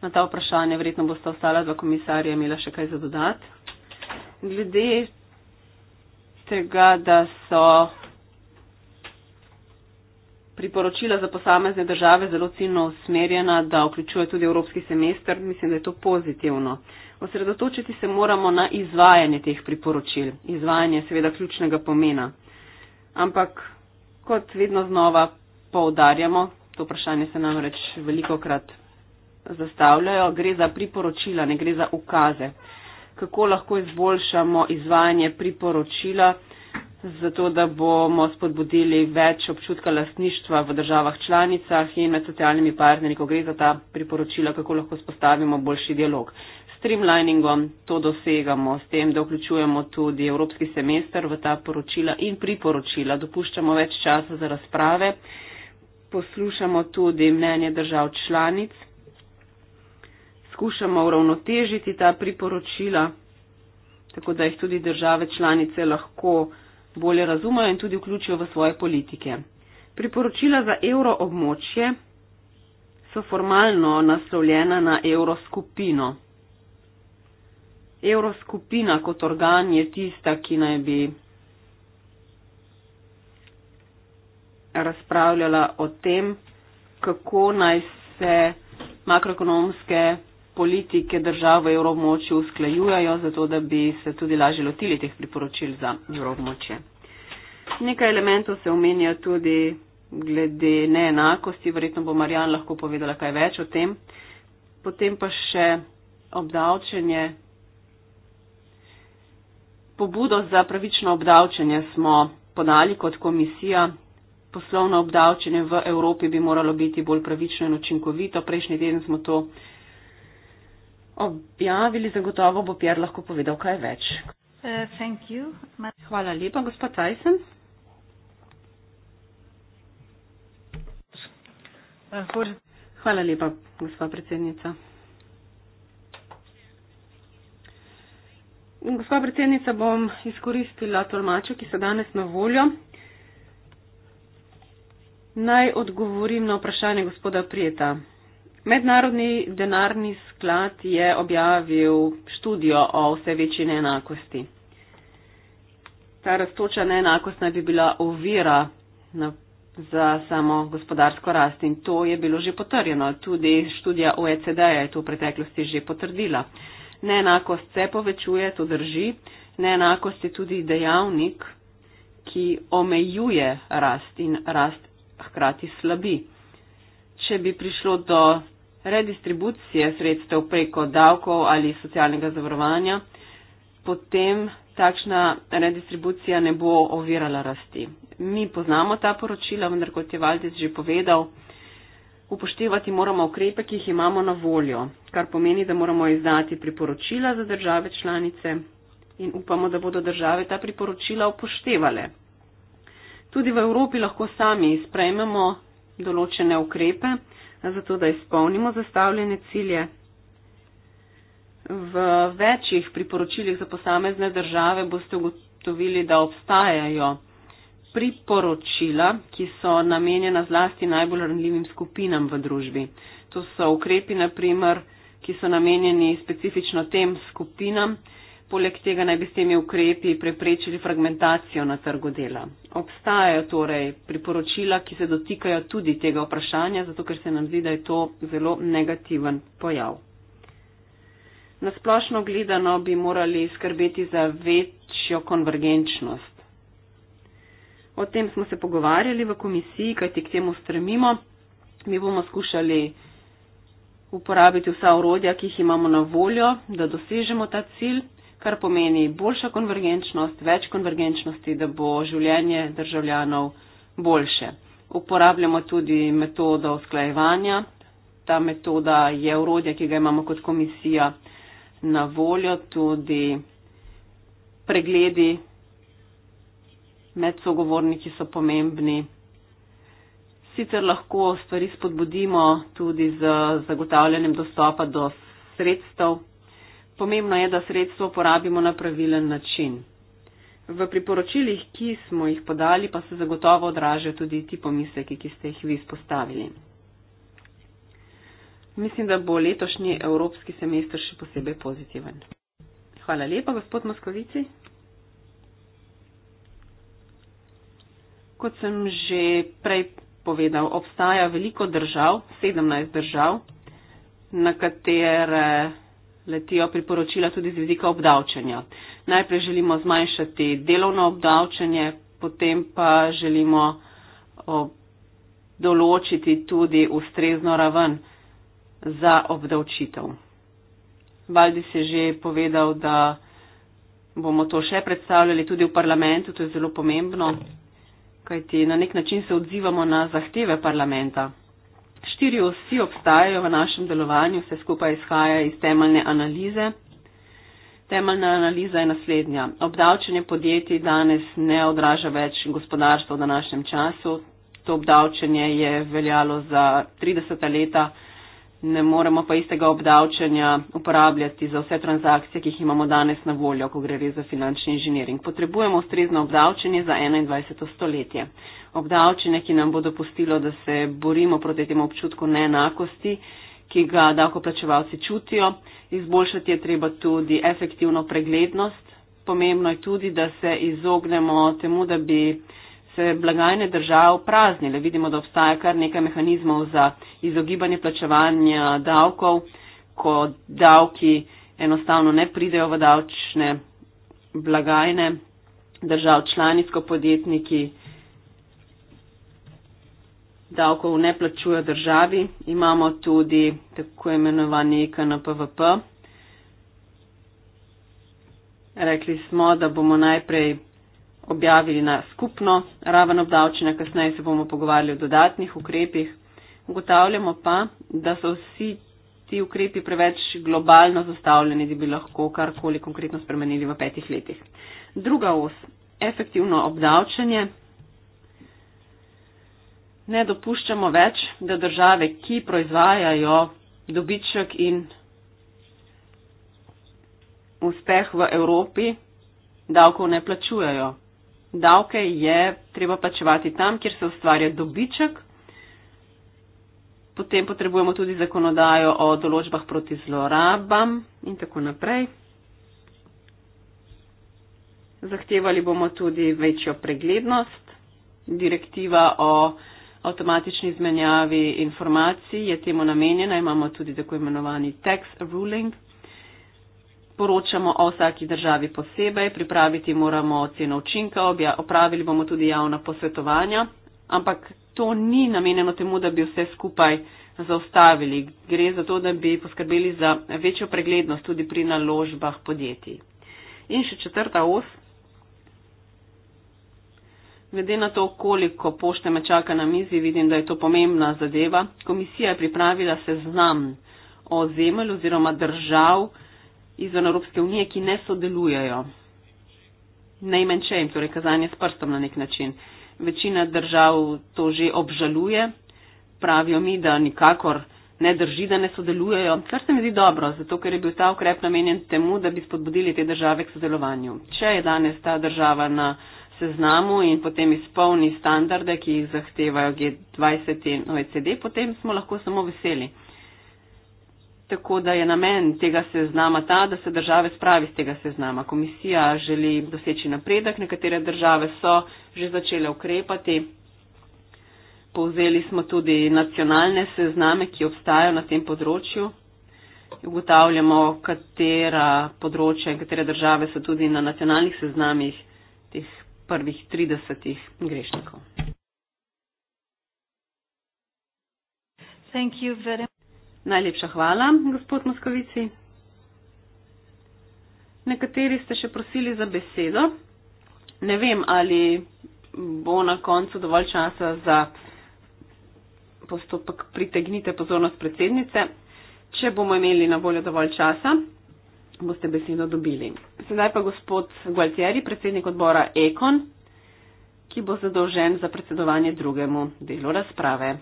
na ta vprašanja. Verjetno boste ostala dva komisarja imela še kaj za dodat. Glede tega, da so priporočila za posamezne države zelo ciljno usmerjena, da vključuje tudi evropski semester, mislim, da je to pozitivno. Osredotočiti se moramo na izvajanje teh priporočil. Izvajanje je seveda ključnega pomena. Ampak kot vedno znova poudarjamo, to vprašanje se nam reč veliko krat zastavljajo, gre za priporočila, ne gre za ukaze. Kako lahko izboljšamo izvajanje priporočila, zato da bomo spodbudili več občutka lasništva v državah članicah in med socialnimi partnerji, ko gre za ta priporočila, kako lahko spostavimo boljši dialog streamliningom to dosegamo, s tem, da vključujemo tudi evropski semester v ta poročila in priporočila, dopuščamo več časa za razprave, poslušamo tudi mnenje držav članic, skušamo uravnotežiti ta priporočila, tako da jih tudi države članice lahko bolje razumejo in tudi vključijo v svoje politike. Priporočila za evro območje so formalno naslovljena na evroskupino. Evroskupina kot organ je tista, ki naj bi razpravljala o tem, kako naj se makroekonomske politike držav v evromočju usklajujajo, zato da bi se tudi lažje lotili teh priporočil za evromočje. Nekaj elementov se omenja tudi glede neenakosti, verjetno bo Marjan lahko povedala kaj več o tem. Potem pa še obdavčenje Pobudo za pravično obdavčenje smo podali kot komisija. Poslovno obdavčenje v Evropi bi moralo biti bolj pravično in učinkovito. Prejšnji teden smo to objavili, zagotovo bo Pierre lahko povedal kaj več. Uh, Hvala lepa, gospod Tyson. Uh, Hvala lepa, gospod predsednica. Gospod predsednica, bom izkoristila tolmačo, ki so danes na voljo. Naj odgovorim na vprašanje gospoda Prijeta. Mednarodni denarni sklad je objavil študijo o vse večji neenakosti. Ta raztoča neenakost naj bi bila ovira na, za samo gospodarsko rast in to je bilo že potrjeno. Tudi študija OECD je to v preteklosti že potrdila. Neenakost se povečuje, to drži. Neenakost je tudi dejavnik, ki omejuje rast in rast hkrati slabi. Če bi prišlo do redistribucije sredstev preko davkov ali socialnega zavarovanja, potem takšna redistribucija ne bo ovirala rasti. Mi poznamo ta poročila, vendar kot je Valdis že povedal, upoštevati moramo ukrepe, ki jih imamo na voljo, kar pomeni, da moramo izdati priporočila za države članice in upamo, da bodo države ta priporočila upoštevale. Tudi v Evropi lahko sami sprejmemo določene ukrepe, zato da izpolnimo zastavljene cilje. V večjih priporočilih za posamezne države boste ugotovili, da obstajajo priporočila, ki so namenjena zlasti najbolj ranljivim skupinam v družbi. To so ukrepi, naprimer, ki so namenjeni specifično tem skupinam. Poleg tega naj bi s temi ukrepi preprečili fragmentacijo na trgu dela. Obstajajo torej priporočila, ki se dotikajo tudi tega vprašanja, zato ker se nam zdi, da je to zelo negativen pojav. Nasplošno gledano bi morali skrbeti za večjo konvergenčnost O tem smo se pogovarjali v komisiji, kajti k temu stremimo. Mi bomo skušali uporabiti vsa urodja, ki jih imamo na voljo, da dosežemo ta cilj, kar pomeni boljša konvergenčnost, več konvergenčnosti, da bo življenje državljanov boljše. Uporabljamo tudi metodo usklajevanja. Ta metoda je urodje, ki ga imamo kot komisija na voljo, tudi pregledi med sogovorniki so pomembni. Sicer lahko stvari spodbudimo tudi z zagotavljanjem dostopa do sredstev. Pomembno je, da sredstvo porabimo na pravilen način. V priporočilih, ki smo jih podali, pa se zagotovo odražajo tudi ti pomisleki, ki ste jih vi izpostavili. Mislim, da bo letošnji evropski semester še posebej pozitiven. Hvala lepa, gospod Moskovici. Kot sem že prej povedal, obstaja veliko držav, 17 držav, na katere letijo priporočila tudi z vidika obdavčanja. Najprej želimo zmanjšati delovno obdavčanje, potem pa želimo določiti tudi ustrezno raven za obdavčitev. Valdis je že povedal, da bomo to še predstavljali tudi v parlamentu, to je zelo pomembno kajti na nek način se odzivamo na zahteve parlamenta. Štiri osi obstajajo v našem delovanju, vse skupaj izhaja iz temeljne analize. Temeljna analiza je naslednja. Obdavčenje podjetij danes ne odraža več gospodarstva v današnjem času. To obdavčenje je veljalo za 30 leta ne moremo pa istega obdavčanja uporabljati za vse transakcije, ki jih imamo danes na voljo, ko gre res za finančni inženiring. Potrebujemo ustrezno obdavčanje za 21. stoletje. Obdavčanje, ki nam bo dopustilo, da se borimo proti temu občutku neenakosti, ki ga davkoplačevalci čutijo. Izboljšati je treba tudi efektivno preglednost. Pomembno je tudi, da se izognemo temu, da bi se blagajne držav praznile. Vidimo, da obstaja kar nekaj mehanizmov za izogibanje plačevanja davkov, ko davki enostavno ne pridejo v davčne blagajne držav članicko podjetniki davkov ne plačujejo državi. Imamo tudi tako imenovani KNPVP. Rekli smo, da bomo najprej objavili na skupno raven obdavčenja, kasneje se bomo pogovarjali o dodatnih ukrepih. Ugotavljamo pa, da so vsi ti ukrepi preveč globalno zastavljeni, da bi lahko karkoli konkretno spremenili v petih letih. Druga os, efektivno obdavčenje. Ne dopuščamo več, da države, ki proizvajajo dobiček in uspeh v Evropi, davkov ne plačujejo davke je treba plačevati tam, kjer se ustvarja dobiček. Potem potrebujemo tudi zakonodajo o določbah proti zlorabam in tako naprej. Zahtevali bomo tudi večjo preglednost. Direktiva o avtomatični izmenjavi informacij je temu namenjena. Imamo tudi tako imenovani tax ruling, poročamo o vsaki državi posebej, pripraviti moramo ceno učinka, obja, opravili bomo tudi javna posvetovanja, ampak to ni namenjeno temu, da bi vse skupaj zaustavili. Gre za to, da bi poskrbeli za večjo preglednost tudi pri naložbah podjetij. In še četrta os. Glede na to, koliko pošte me čaka na mizi, vidim, da je to pomembna zadeva. Komisija je pripravila seznam o zemlji oziroma držav, izven Evropske unije, ki ne sodelujejo. Najmanj če jim, torej kazanje s prstom na nek način. Večina držav to že obžaluje, pravijo mi, da nikakor ne drži, da ne sodelujejo, kar se mi zdi dobro, zato ker je bil ta ukrep namenjen temu, da bi spodbudili te države k sodelovanju. Če je danes ta država na seznamu in potem izpolni standarde, ki jih zahtevajo G20 in OECD, potem smo lahko samo veseli. Tako da je namen tega seznama ta, da se države spravi z tega seznama. Komisija želi doseči napredek, nekatere države so že začele ukrepati. Povzeli smo tudi nacionalne sezname, ki obstajajo na tem področju. Ugotavljamo, katera področja in katere države so tudi na nacionalnih seznamih teh prvih 30 grešnikov. Najlepša hvala, gospod Moskovici. Nekateri ste še prosili za besedo. Ne vem, ali bo na koncu dovolj časa za postopek pritegnite pozornost predsednice. Če bomo imeli na voljo dovolj časa, boste besedo dobili. Sedaj pa gospod Gualtieri, predsednik odbora Ekon, ki bo zadolžen za predsedovanje drugemu delu razprave.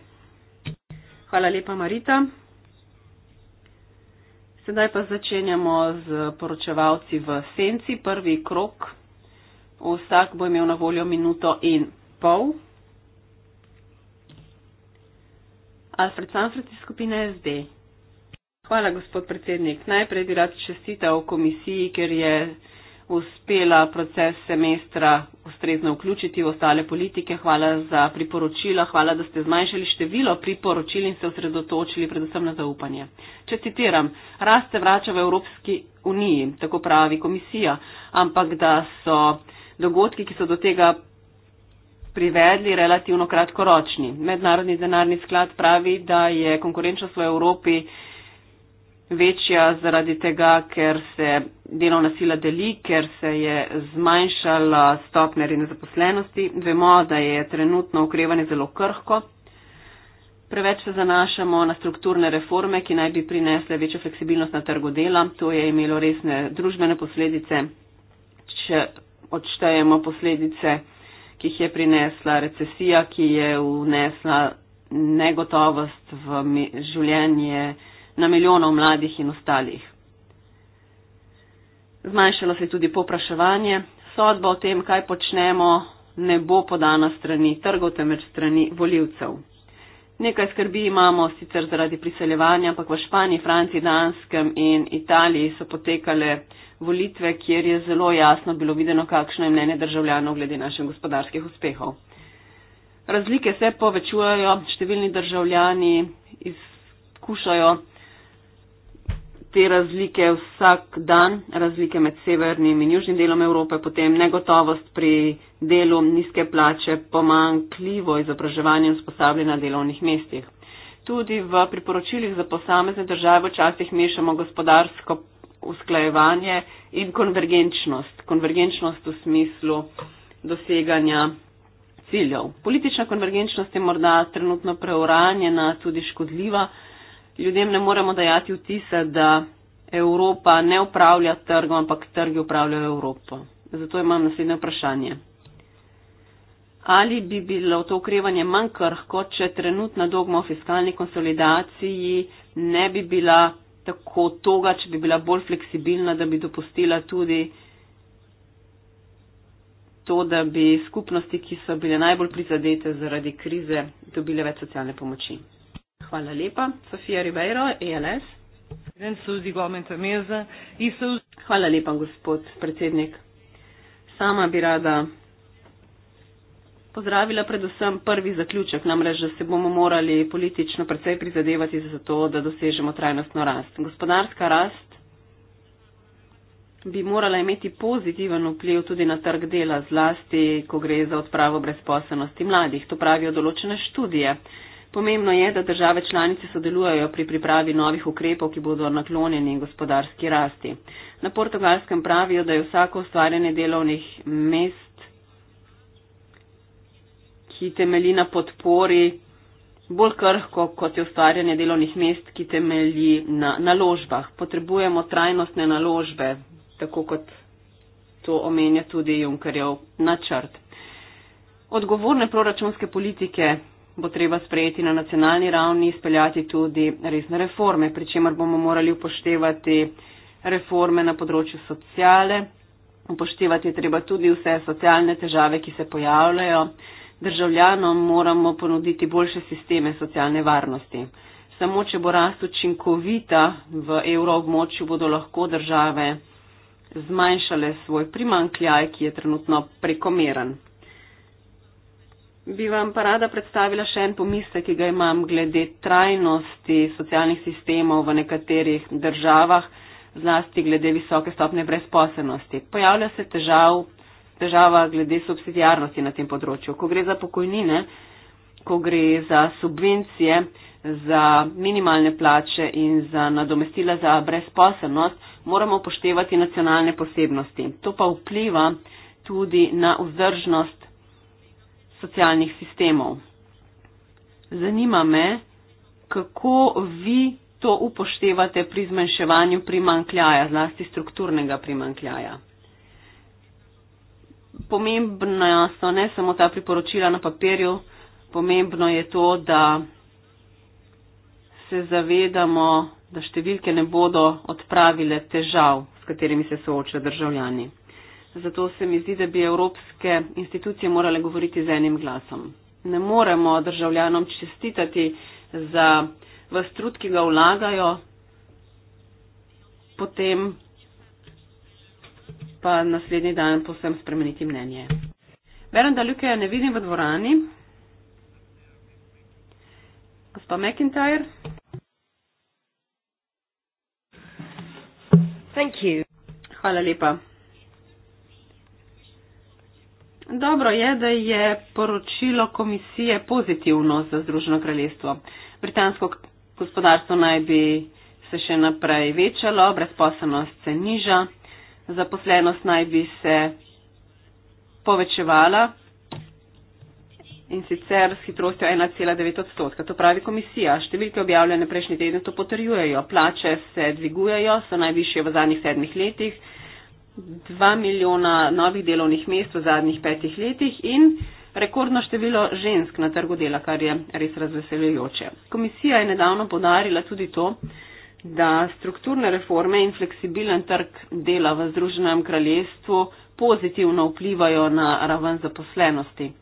Hvala lepa, Marita. Sedaj pa začenjamo z poročevalci v senci, prvi krok. Vsak bo imel na voljo minuto in pol. Alfred Sanfred iz skupine SD. Hvala, gospod predsednik. Najprej bi rad čestital komisiji, ker je uspela proces semestra ustrezno vključiti v ostale politike. Hvala za priporočila, hvala, da ste zmanjšali število priporočil in se osredotočili predvsem na zaupanje. Če citiram, rast se vrača v Evropski uniji, tako pravi komisija, ampak da so dogodki, ki so do tega privedli relativno kratkoročni. Mednarodni denarni sklad pravi, da je konkurenčnost v Evropi večja zaradi tega, ker se delovna sila deli, ker se je zmanjšala stopnja nezaposlenosti. Vemo, da je trenutno ukrevanje zelo krhko. Preveč se zanašamo na strukturne reforme, ki naj bi prinesle večjo fleksibilnost na trgu dela. To je imelo resne družbene posledice, če odštejemo posledice, ki jih je prinesla recesija, ki je unesla negotovost v življenje na milijonov mladih in ostalih. Zmanjšalo se je tudi popraševanje, sodba o tem, kaj počnemo, ne bo podana strani trgov, temveč strani voljivcev. Nekaj skrbi imamo sicer zaradi priseljevanja, ampak v Španiji, Franciji, Danskem in Italiji so potekale volitve, kjer je zelo jasno bilo videno, kakšno je mnenje državljanov glede naših gospodarskih uspehov. Razlike se povečujejo, številni državljani izkušajo te razlike vsak dan, razlike med severnim in južnim delom Evrope, potem negotovost pri delu, nizke plače, pomankljivo izobraževanje in usposabljanje na delovnih mestih. Tudi v priporočilih za posamezne države včasih mešamo gospodarsko usklajevanje in konvergenčnost. Konvergenčnost v smislu doseganja ciljev. Politična konvergenčnost je morda trenutno preuranjena, tudi škodljiva ljudem ne moremo dajati vtisa, da Evropa ne upravlja trgov, ampak trgi upravljajo Evropo. Zato imam naslednje vprašanje. Ali bi bilo to ukrevanje manj krhko, če trenutna dogma o fiskalni konsolidaciji ne bi bila tako toga, če bi bila bolj fleksibilna, da bi dopustila tudi to, da bi skupnosti, ki so bile najbolj prizadete zaradi krize, dobile več socialne pomoči. Hvala lepa. Sofija Ribeiro, ELS. Hvala lepa, gospod predsednik. Sama bi rada pozdravila predvsem prvi zaključek, namreč, da se bomo morali politično predvsej prizadevati za to, da dosežemo trajnostno rast. Gospodarska rast bi morala imeti pozitiven vpliv tudi na trg dela, zlasti, ko gre za odpravo brezposobnosti mladih. To pravijo določene študije. Pomembno je, da države članice sodelujejo pri pripravi novih ukrepov, ki bodo naklonjeni gospodarski rasti. Na portugalskem pravijo, da je vsako ustvarjanje delovnih mest, ki temelji na podpori, bolj krhko, kot je ustvarjanje delovnih mest, ki temelji na naložbah. Potrebujemo trajnostne naložbe, tako kot to omenja tudi Junkerjev načrt. Odgovorne proračunske politike bo treba sprejeti na nacionalni ravni, izpeljati tudi resne reforme, pri čemer bomo morali upoštevati reforme na področju sociale, upoštevati je treba tudi vse socialne težave, ki se pojavljajo. Državljanom moramo ponuditi boljše sisteme socialne varnosti. Samo, če bo rast učinkovita v evroobmočju, bodo lahko države zmanjšale svoj primankljaj, ki je trenutno prekomeren bi vam pa rada predstavila še en pomislek, ki ga imam glede trajnosti socialnih sistemov v nekaterih državah, zlasti glede visoke stopne brezposelnosti. Pojavlja se težav, težava glede subsidijarnosti na tem področju. Ko gre za pokojnine, ko gre za subvencije, za minimalne plače in za nadomestila za brezposelnost, moramo upoštevati nacionalne posebnosti. To pa vpliva tudi na vzdržnost socialnih sistemov. Zanima me, kako vi to upoštevate pri zmanjševanju primankljaja, zlasti strukturnega primankljaja. Pomembna so ne samo ta priporočila na papirju, pomembno je to, da se zavedamo, da številke ne bodo odpravile težav, s katerimi se soočajo državljani. Zato se mi zdi, da bi evropske institucije morale govoriti z enim glasom. Ne moremo državljanom čestitati za vas trud, ki ga vlagajo, potem pa naslednji dan posem spremeniti mnenje. Verjam, da Ljuke ne vidim v dvorani. Gospa McIntyre. Hvala lepa. Dobro je, da je poročilo komisije pozitivno za Združeno kraljestvo. Britansko gospodarstvo naj bi se še naprej večalo, brezposobnost se niža, zaposlenost naj bi se povečevala in sicer s hitrostjo 1,9 odstotka. To pravi komisija. Številke objavljene prejšnji teden to potrjujejo. Plače se dvigujejo, so najvišje v zadnjih sedmih letih dva milijona novih delovnih mest v zadnjih petih letih in rekordno število žensk na trgu dela, kar je res razveseljujoče. Komisija je nedavno podarila tudi to, da strukturne reforme in fleksibilen trg dela v Združenem kraljestvu pozitivno vplivajo na raven zaposlenosti.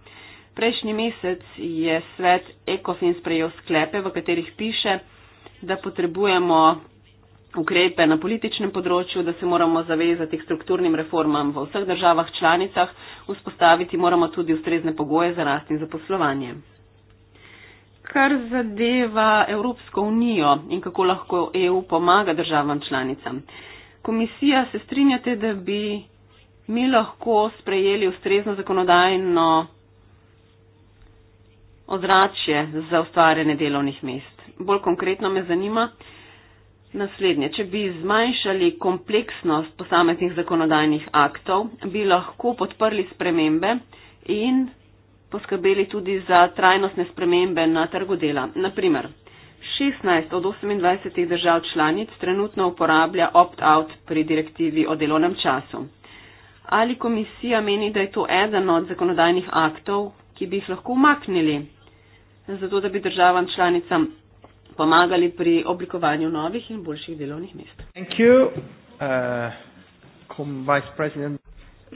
Prejšnji mesec je svet ECOFIN sprejel sklepe, v katerih piše, da potrebujemo ukrepe na političnem področju, da se moramo zavezati k strukturnim reformam v vseh državah članicah, vzpostaviti moramo tudi ustrezne pogoje za rast in zaposlovanje. Kar zadeva Evropsko unijo in kako lahko EU pomaga državam članicam. Komisija se strinjate, da bi mi lahko sprejeli ustrezno zakonodajno ozračje za ustvarjanje delovnih mest. Bolj konkretno me zanima, Naslednje, če bi zmanjšali kompleksnost posameznih zakonodajnih aktov, bi lahko podprli spremembe in poskrbeli tudi za trajnostne spremembe na trgu dela. Naprimer, 16 od 28 držav članic trenutno uporablja opt-out pri direktivi o delovnem času. Ali komisija meni, da je to eden od zakonodajnih aktov, ki bi jih lahko umaknili, zato da bi državam članicam pomagali pri oblikovanju novih in boljših delovnih mest. Uh,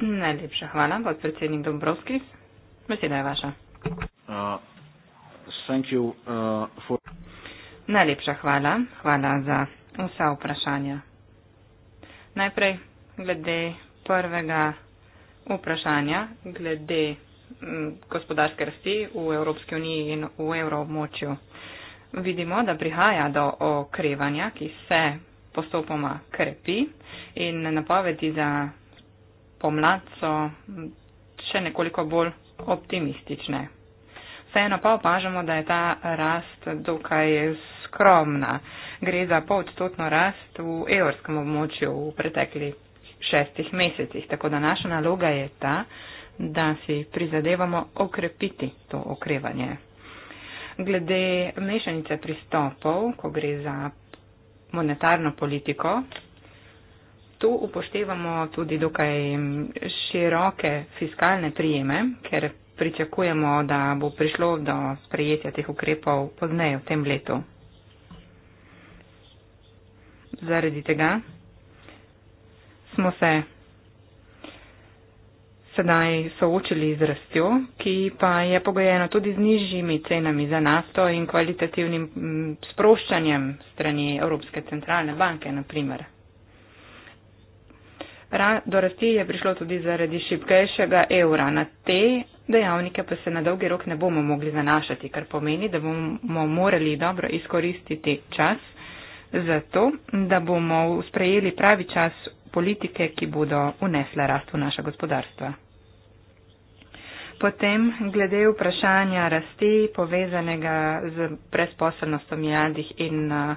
Najlepša hvala, podpredsednik Dombrovski. Beseda je vaša. Uh, uh, Najlepša hvala. Hvala za vsa vprašanja. Najprej glede prvega vprašanja, glede mm, gospodarske rasti v Evropski uniji in v evroobmočju vidimo, da prihaja do okrevanja, ki se postopoma krepi in napovedi za pomlad so še nekoliko bolj optimistične. Vseeno pa opažamo, da je ta rast dokaj skromna. Gre za polodstotno rast v evropskem območju v preteklih šestih mesecih. Tako da naša naloga je ta, da si prizadevamo okrepiti to okrevanje glede mešanice pristopov, ko gre za monetarno politiko. Tu upoštevamo tudi dokaj široke fiskalne prijeme, ker pričakujemo, da bo prišlo do sprejetja teh ukrepov pozneje v tem letu. Zaradi tega smo se sedaj soočili z rastjo, ki pa je pogojena tudi z nižjimi cenami za nafto in kvalitativnim sproščanjem strani Evropske centralne banke, naprimer. Do rasti je prišlo tudi zaradi šipkejšega evra. Na te dejavnike pa se na dolgi rok ne bomo mogli zanašati, kar pomeni, da bomo morali dobro izkoristiti čas za to, da bomo sprejeli pravi čas politike, ki bodo unesle rast v naša gospodarstva. Potem, glede vprašanja rasti, povezanega z brezposobnostjo mladih in uh,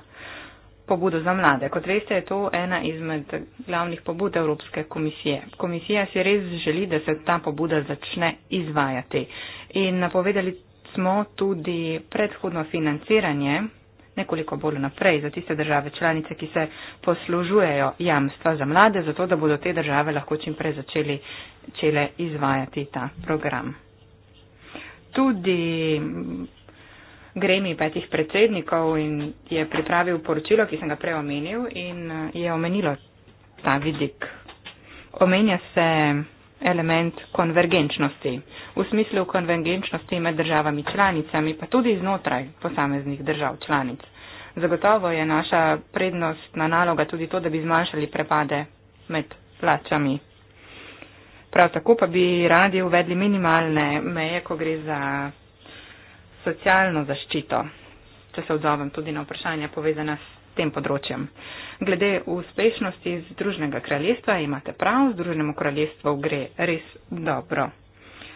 pobudo za mlade. Kot veste, je to ena izmed glavnih pobud Evropske komisije. Komisija si res želi, da se ta pobuda začne izvajati. In napovedali smo tudi predhodno financiranje nekoliko bolj naprej za tiste države članice, ki se poslužujejo jamstva za mlade, zato da bodo te države lahko čim prej začeli čele izvajati ta program. Tudi gremi petih predsednikov in je pripravil poročilo, ki sem ga prej omenil in eh, je omenilo ta vidik. Omenja se element konvergenčnosti. V smislu konvergenčnosti med državami članicami, pa tudi znotraj posameznih držav članic. Zagotovo je naša prednostna naloga tudi to, da bi zmanjšali prepade med plačami. Prav tako pa bi radi uvedli minimalne meje, ko gre za socialno zaščito, če se odzovem tudi na vprašanja povezana s tem področjem. Glede uspešnosti Združnega kraljestva imate prav, Združnemu kraljestvu gre res dobro.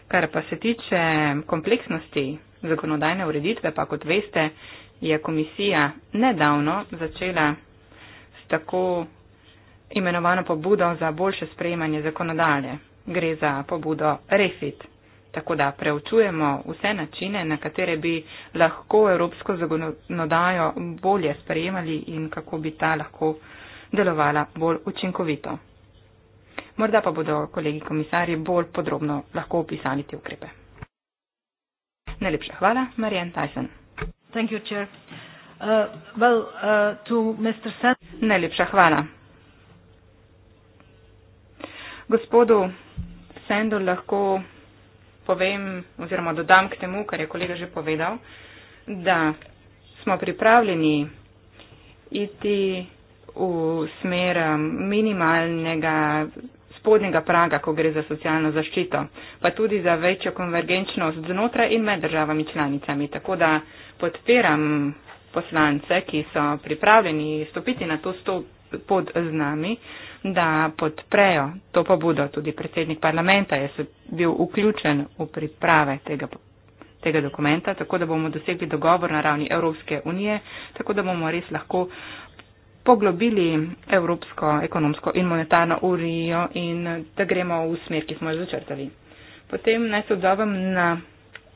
Kar pa se tiče kompleksnosti zakonodajne ureditve, pa kot veste, je komisija nedavno začela s tako imenovano pobudo za boljše sprejemanje zakonodaje. Gre za pobudo REFIT. Tako da preučujemo vse načine, na katere bi lahko evropsko zagonodajo bolje sprejemali in kako bi ta lahko delovala bolj učinkovito. Morda pa bodo kolegi komisarji bolj podrobno lahko opisali te ukrepe. Najlepša hvala, Marijan Tyson. You, uh, well, uh, Najlepša hvala. Gospodu Sendu lahko povem oziroma dodam k temu, kar je kolega že povedal, da smo pripravljeni iti v smer eh, minimalnega spodnjega praga, ko gre za socialno zaščito, pa tudi za večjo konvergenčnost znotraj in med državami članicami. Tako da podpiram poslance, ki so pripravljeni stopiti na to stop pod z nami, da podprejo. To pa bodo tudi predsednik parlamenta, jaz sem bil vključen v priprave tega, tega dokumenta, tako da bomo dosegli dogovor na ravni Evropske unije, tako da bomo res lahko poglobili evropsko ekonomsko in monetarno urijo in da gremo v smer, ki smo jo začrtali. Potem naj se odzovem na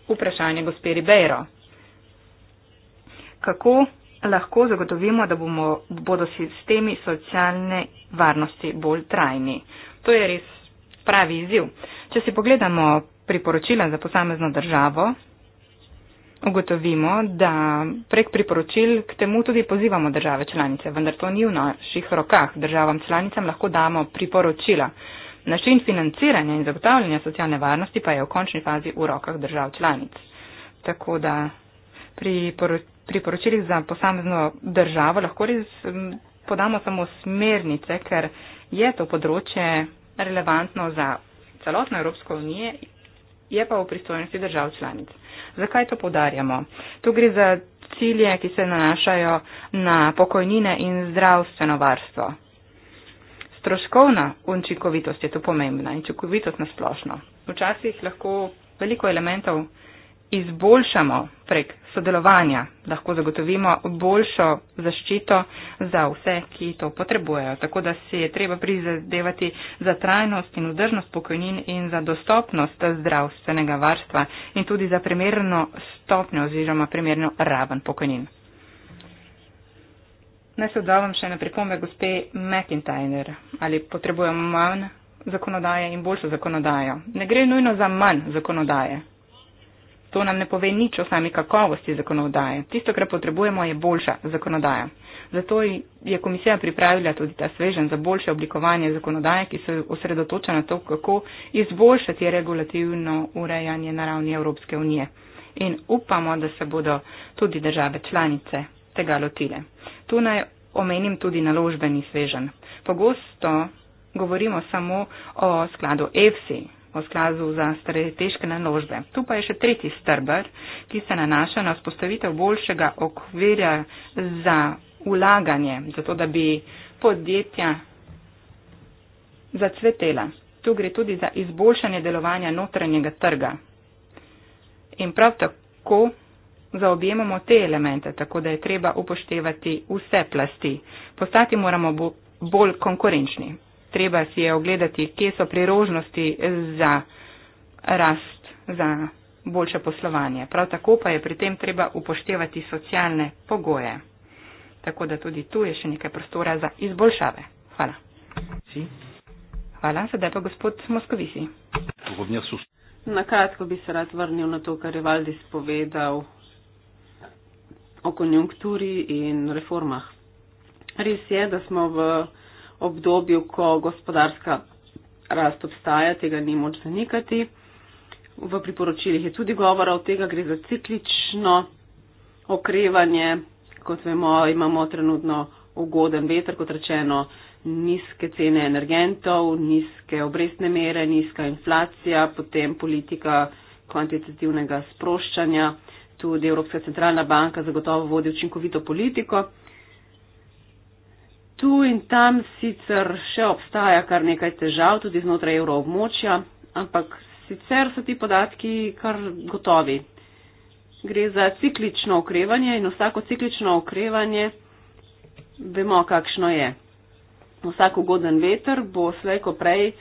vprašanje gospe Ribeiro. Kako lahko zagotovimo, da bomo, bodo sistemi socialne varnosti bolj trajni. To je res pravi izziv. Če si pogledamo priporočila za posamezno državo, ugotovimo, da prek priporočil k temu tudi pozivamo države članice, vendar to ni v naših rokah. Državam članicam lahko damo priporočila. Način financiranja in zagotavljanja socialne varnosti pa je v končni fazi v rokah držav članic. Tako da priporočila priporočilih za posamezno državo lahko res podamo samo smernice, ker je to področje relevantno za celotno Evropsko unijo, je pa v pristojnosti držav članic. Zakaj to podarjamo? Tu gre za cilje, ki se nanašajo na pokojnine in zdravstveno varstvo. Stroškovna učinkovitost je tu pomembna, učinkovitost nasplošno. Včasih lahko veliko elementov izboljšamo prek sodelovanja, lahko zagotovimo boljšo zaščito za vse, ki to potrebujejo. Tako da si je treba prizadevati za trajnost in vzdržnost pokojnin in za dostopnost zdravstvenega varstva in tudi za primerno stopnjo oziroma primerno raven pokojnin. Naj se odzovem še na pripombe gospe McIntyre. Ali potrebujemo manj zakonodaje in boljšo zakonodajo? Ne gre nujno za manj zakonodaje. To nam ne pove nič o sami kakovosti zakonodaje. Tisto, kar potrebujemo, je boljša zakonodaja. Zato je komisija pripravila tudi ta svežen za boljše oblikovanje zakonodaje, ki se osredotoča na to, kako izboljšati regulativno urejanje na ravni Evropske unije. In upamo, da se bodo tudi države članice tega lotile. Tu naj omenim tudi naložbeni svežen. Pogosto govorimo samo o skladu EFSI, o skladu za strateške naložbe. Tu pa je še tretji strbr, ki se nanaša na spostavitev boljšega okvirja za ulaganje, zato da bi podjetja zacvetela. Tu gre tudi za izboljšanje delovanja notranjega trga. In prav tako zaobjemamo te elemente, tako da je treba upoštevati vse plasti. Postati moramo bolj konkurenčni treba si je ogledati, kje so priložnosti za rast, za boljše poslovanje. Prav tako pa je pri tem treba upoštevati socialne pogoje. Tako da tudi tu je še nekaj prostora za izboljšave. Hvala. Si. Hvala, sedaj pa gospod Moskovisi. Na kratko bi se rad vrnil na to, kar je Valdis povedal o konjunkturi in reformah. Res je, da smo v obdobju, ko gospodarska rast obstaja, tega ni moč zanikati. V priporočilih je tudi govora o tega, gre za ciklično okrevanje. Kot vemo, imamo trenutno ugoden veter, kot rečeno, nizke cene energentov, nizke obrestne mere, nizka inflacija, potem politika kvantitativnega sproščanja. Tudi Evropska centralna banka zagotovo vodi učinkovito politiko. Tu in tam sicer še obstaja kar nekaj težav, tudi znotraj evroobmočja, ampak sicer so ti podatki kar gotovi. Gre za ciklično okrevanje in vsako ciklično okrevanje vemo, kakšno je. Vsak ugoden veter bo slejko prej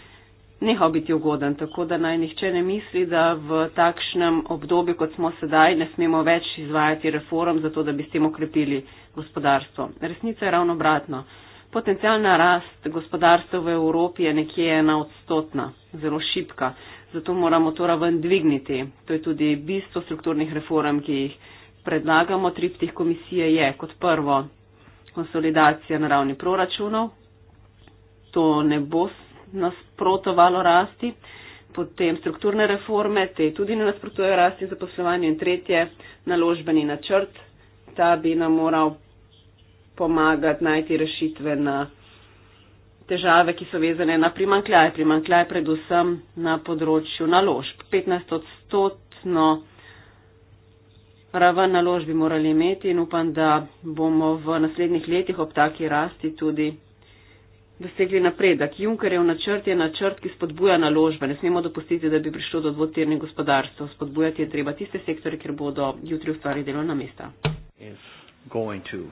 nehal biti ugoden, tako da naj nihče ne misli, da v takšnem obdobju, kot smo sedaj, ne smemo več izvajati reform, zato da bi s tem okrepili gospodarstvo. Resnica je ravno obratno potencijalna rast gospodarstva v Evropi je nekje ena odstotna, zelo šipka. Zato moramo to raven dvigniti. To je tudi bistvo strukturnih reform, ki jih predlagamo. Triptih komisije je kot prvo konsolidacija na ravni proračunov. To ne bo nasprotovalo rasti. Potem strukturne reforme, te tudi ne nasprotujejo rasti zaposlovanju. In tretje, naložbeni načrt. Ta bi nam moral pomagati najti rešitve na težave, ki so vezane na primankljaj, primankljaj predvsem na področju naložb. 15 odstotno raven naložb bi morali imeti in upam, da bomo v naslednjih letih ob taki rasti tudi dosegli napredek. Junkerjev načrt je načrt, ki spodbuja naložbe. Ne smemo dopustiti, da bi prišlo do dvotirne gospodarstva. Spodbujati je treba tiste sektore, kjer bodo jutri ustvarili delovna mesta. Going to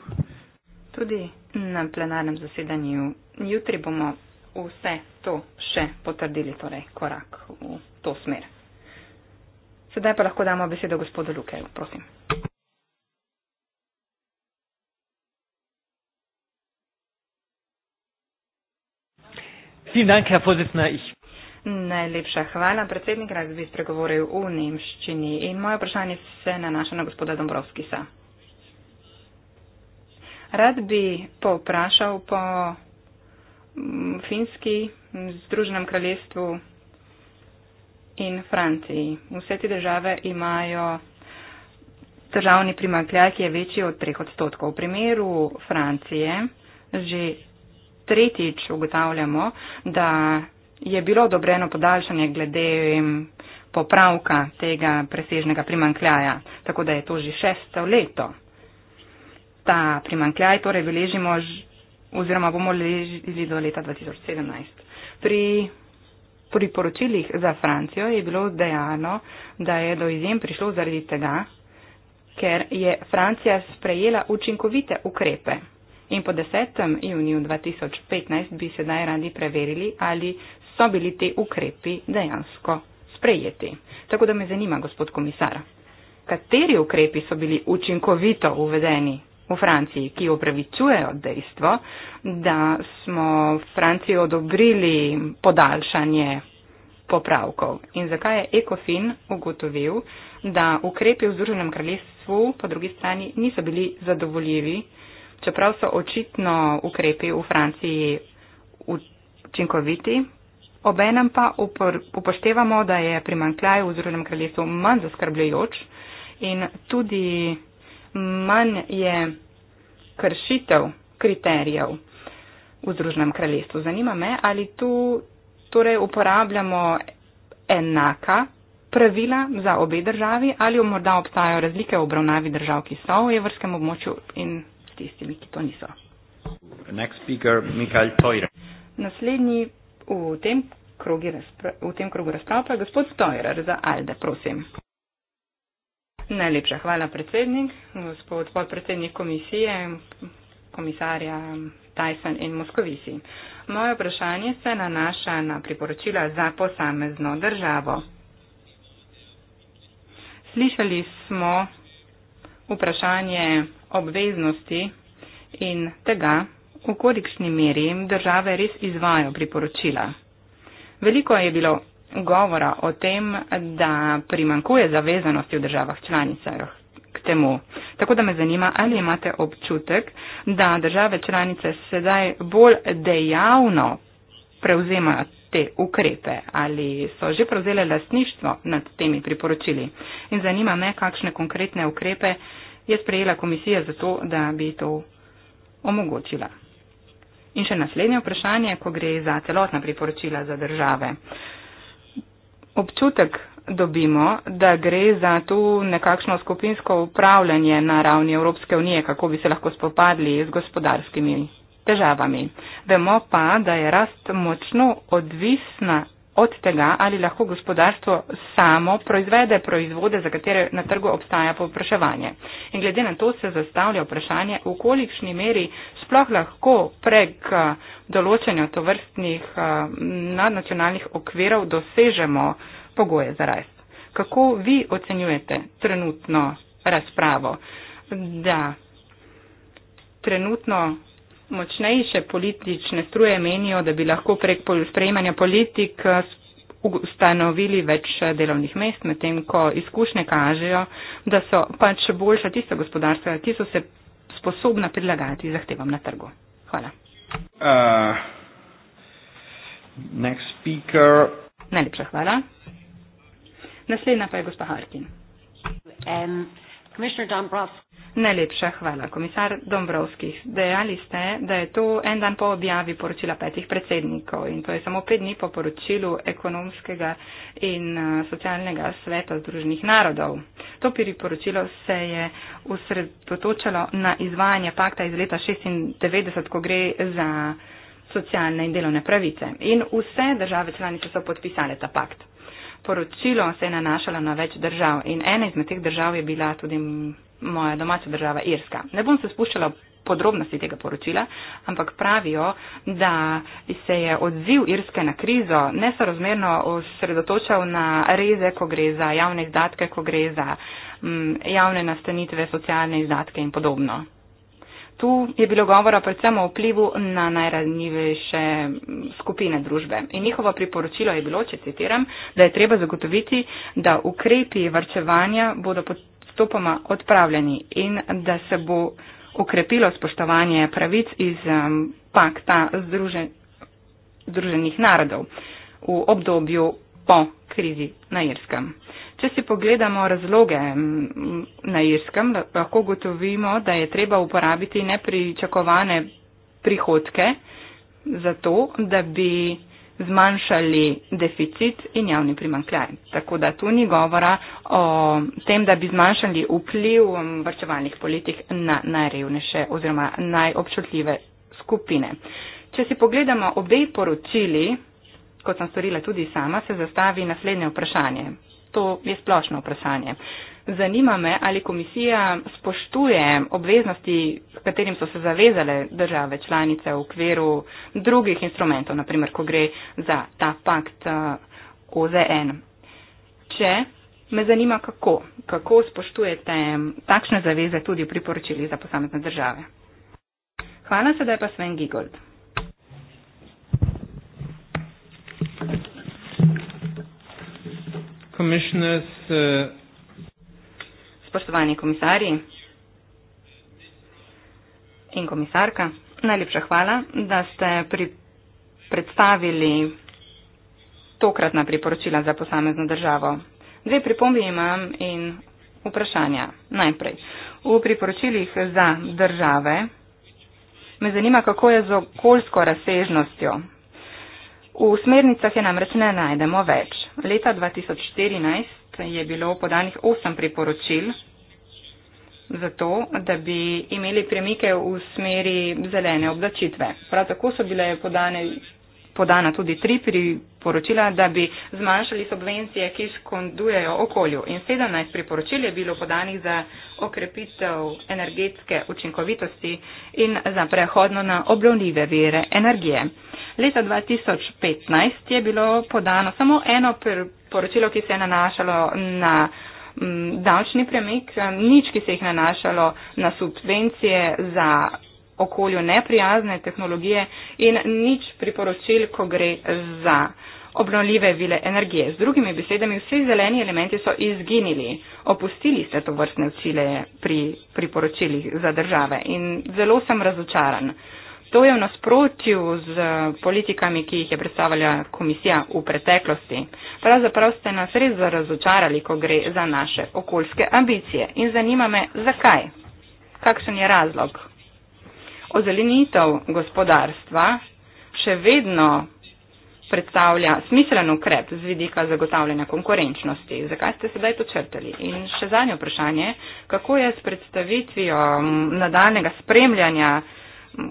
tudi na plenarnem zasedanju. Jutri bomo vse to še potrdili, torej korak v to smer. Sedaj pa lahko damo besedo gospodu Lukeju, prosim. Dank, Najlepša hvala. Predsednik, rad bi spregovoril v nemščini in moje vprašanje se nanaša na gospoda Dombrovskisa. Rad bi povprašal po mm, Finski, Združenem kraljestvu in Franciji. Vse te države imajo državni primankljaj, ki je večji od 3 odstotkov. V primeru Francije že tretjič ugotavljamo, da je bilo odobreno podaljšanje glede mm, popravka tega presežnega primankljaja, tako da je to že šesto leto ta primankljaj torej beležimo oziroma bomo ležili do leta 2017. Pri Pri poročilih za Francijo je bilo dejano, da je do izjem prišlo zaradi tega, ker je Francija sprejela učinkovite ukrepe. In po 10. juniju 2015 bi sedaj radi preverili, ali so bili te ukrepi dejansko sprejeti. Tako da me zanima, gospod komisar, kateri ukrepi so bili učinkovito uvedeni v Franciji, ki upravičujejo dejstvo, da smo Franciji odobrili podaljšanje popravkov. In zakaj je Ecofin ugotovil, da ukrepi v Združenem kraljestvu po drugi strani niso bili zadovoljivi, čeprav so očitno ukrepi v Franciji učinkoviti. Obenem pa upoštevamo, da je primankljaj v Združenem kraljestvu manj zaskrbljajoč in tudi manj je kršitev kriterijev v Združenem kraljestvu. Zanima me, ali tu torej uporabljamo enaka pravila za obe državi ali morda obstajajo razlike v obravnavi držav, ki so v evrskem območju in s tistimi, ki to niso. Speaker, Naslednji v tem, razpra v tem krogu razprava je gospod Stojer za Alde, prosim. Najlepša hvala, predsednik, gospod podpredsednik komisije, komisarja Tyson in Moskovisi. Moje vprašanje se nanaša na priporočila za posamezno državo. Slišali smo vprašanje obveznosti in tega, v kolikšni meri države res izvajo priporočila. Veliko je bilo govora o tem, da primankuje zavezanosti v državah članicah k temu. Tako da me zanima, ali imate občutek, da države članice sedaj bolj dejavno prevzemajo te ukrepe ali so že prevzele lasništvo nad temi priporočili. In zanima me, kakšne konkretne ukrepe je sprejela komisija za to, da bi to omogočila. In še naslednje vprašanje, ko gre za celotna priporočila za države. Uh, občutek dobimo, da gre za tu nekakšno skupinsko upravljanje na ravni Evropske unije, kako bi se lahko spopadli z gospodarskimi težavami. Vemo pa, da je rast močno odvisna od tega, ali lahko gospodarstvo samo proizvede proizvode, za katere na trgu obstaja povpraševanje. In glede na to se zastavlja vprašanje, v kolikšni meri sploh lahko prek eh, določanja tovrstnih eh, nadnacionalnih okvirov dosežemo pogoje za rast. Kako vi ocenjujete trenutno razpravo, da trenutno Močnejše politične struje menijo, da bi lahko prek sprejemanja politik eh, ustanovili več eh, delovnih mest, medtem ko izkušnje kažejo, da so pač boljša tista gospodarstva, ki so se sposobna prilagajati zahtevam na trgu. Hvala. Uh, Najlepša hvala. Naslednja pa je gospa Harkin. And... Um, Najlepša hvala, komisar Dombrovskih. Dejali ste, da je to en dan po objavi poročila petih predsednikov in to je samo pet dni po poročilu ekonomskega in eh, socialnega sveta Združenih narodov. To priporočilo se je usredotočalo na izvajanje pakta iz leta 1996, ko gre za socialne in delovne pravice. In vse države članice so podpisale ta pakt poročilo se je nanašalo na več držav in ena izmed teh držav je bila tudi moja domača država Irska. Ne bom se spuščala podrobnosti tega poročila, ampak pravijo, da se je odziv Irske na krizo nesorozmerno osredotočal na reze, ko gre za javne izdatke, ko gre za mm, javne nastanitve, socialne izdatke in podobno tu je bilo govora predvsem o vplivu na najranjivejše skupine družbe. In njihovo priporočilo je bilo, če citiram, da je treba zagotoviti, da ukrepi vrčevanja bodo postopoma odpravljeni in da se bo ukrepilo spoštovanje pravic iz um, pakta Združenih narodov v obdobju po krizi na Irskem. Če si pogledamo razloge na Irskem, lahko gotovimo, da je treba uporabiti nepričakovane prihodke za to, da bi zmanjšali deficit in javni primankljaj. Tako da tu ni govora o tem, da bi zmanjšali vpliv vrčevalnih politik na najrevnejše oziroma najobčutljive skupine. Če si pogledamo obe poročili, kot sem storila tudi sama, se zastavi naslednje vprašanje to je splošno vprašanje. Zanima me, ali komisija spoštuje obveznosti, s katerim so se zavezale države članice v okviru drugih instrumentov, naprimer, ko gre za ta pakt eh, OZN. Če me zanima, kako, kako spoštujete takšne zaveze tudi v priporočili za posamezne države. Hvala sedaj pa Sven Gigold. Thank you. Commissioners, uh, Spoštovani komisarji in komisarka, najlepša hvala, da ste pri predstavili tokratna priporočila za posamezno državo. Dve pripombi imam in vprašanja. Najprej, v priporočilih za države me zanima, kako je z okoljsko razsežnostjo. V smernicah je namreč ne najdemo več. Leta 2014 je bilo podanih 8 priporočil za to, da bi imeli premike v smeri zelene obdačitve. Prav tako so bile podane, podana tudi tri priporočila, da bi zmanjšali subvencije, ki škondujejo okolju. In 17 priporočil je bilo podanih za okrepitev energetske učinkovitosti in za prehodno na obnovljive vire energije. Leta 2015 je bilo podano samo eno poročilo, ki se je nanašalo na mm, davčni premik, nič, ki se jih nanašalo na subvencije za okolju neprijazne tehnologije in nič priporočil, ko gre za obnovljive vile energije. Z drugimi besedami, vsi zeleni elementi so izginili, opustili ste to vrstne učile pri priporočilih za države in zelo sem razočaran. To je v nasprotju z eh, politikami, ki jih je predstavljala komisija v preteklosti. Pravzaprav ste nas res razočarali, ko gre za naše okoljske ambicije. In zanima me, zakaj? Kakšen je razlog? Ozelenitev gospodarstva še vedno predstavlja smiselen ukrep z vidika zagotavljanja konkurenčnosti. Zakaj ste sedaj to črtali? In še zadnje vprašanje, kako je s predstavitvijo nadaljnega spremljanja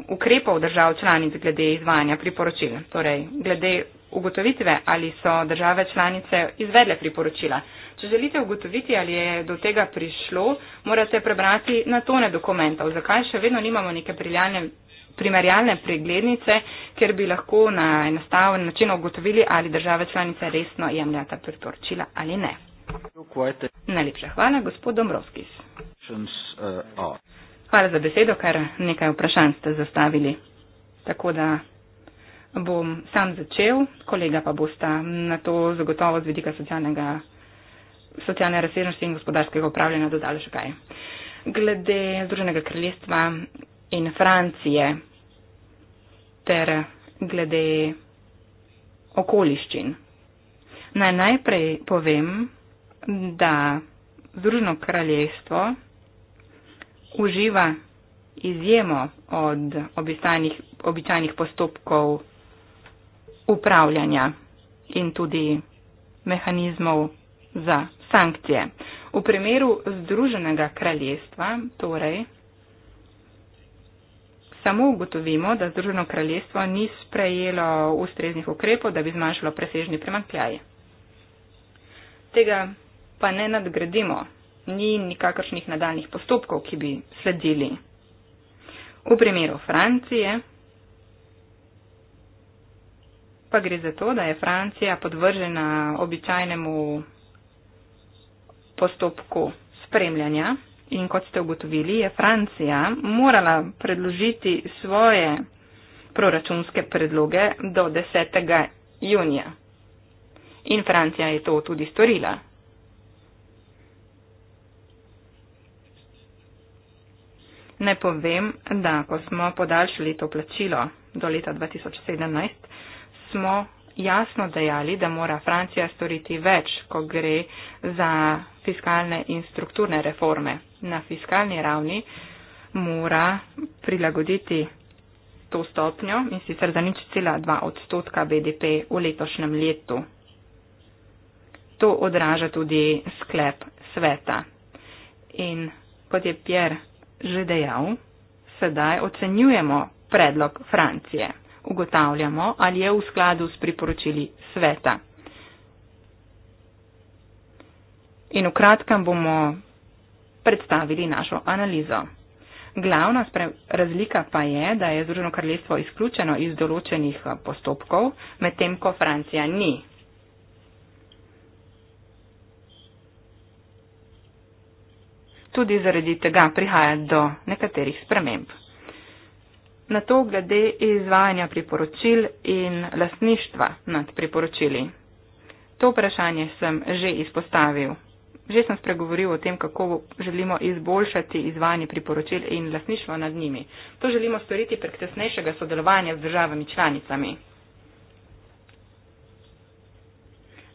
ukrepov držav članic glede izvajanja priporočil, torej glede ugotovitve, ali so države članice izvedle priporočila. Če želite ugotoviti, ali je do tega prišlo, morate prebrati na tone dokumentov. Zakaj še vedno nimamo neke priljane, primerjalne preglednice, kjer bi lahko na enostaven način ugotovili, ali države članice resno jemljajo ta priporočila ali ne. Najlepša hvala, gospod Dombrovskis. Hvala za besedo, kar nekaj vprašanj ste zastavili. Tako da bom sam začel, kolega pa boste na to zagotovo z vedika socialne razsežnosti in gospodarskega upravljanja dodali še kaj. Glede Združenega kraljestva in Francije ter glede okoliščin. Naj najprej povem, da Združeno kraljestvo uživa izjemo od običajnih postopkov upravljanja in tudi mehanizmov za sankcije. V primeru Združenega kraljestva torej samo ugotovimo, da Združeno kraljestvo ni sprejelo ustreznih ukrepov, da bi zmanjšalo presežni primankljaj. Tega pa ne nadgradimo ni nikakršnih nadaljnih postopkov, ki bi sledili. V primeru Francije pa gre za to, da je Francija podvržena običajnemu postopku spremljanja in kot ste ugotovili, je Francija morala predložiti svoje proračunske predloge do 10. junija. In Francija je to tudi storila. Ne povem, da ko smo podaljšali to plačilo do leta 2017, smo jasno dejali, da mora Francija storiti več, ko gre za fiskalne in strukturne reforme. Na fiskalni ravni mora prilagoditi to stopnjo in sicer za nič cela 2 odstotka BDP v letošnjem letu. To odraža tudi sklep sveta. In kot je Pierre že dejal, sedaj ocenjujemo predlog Francije. Ugotavljamo, ali je v skladu s priporočili sveta. In v kratkem bomo predstavili našo analizo. Glavna razlika pa je, da je Združeno kraljestvo izključeno iz določenih postopkov, medtem ko Francija ni. tudi zaradi tega prihaja do nekaterih sprememb. Na to glede izvajanja priporočil in lasništva nad priporočili. To vprašanje sem že izpostavil. Že sem spregovoril o tem, kako želimo izboljšati izvajanje priporočil in lasništvo nad njimi. To želimo storiti prek tesnejšega sodelovanja z državami članicami.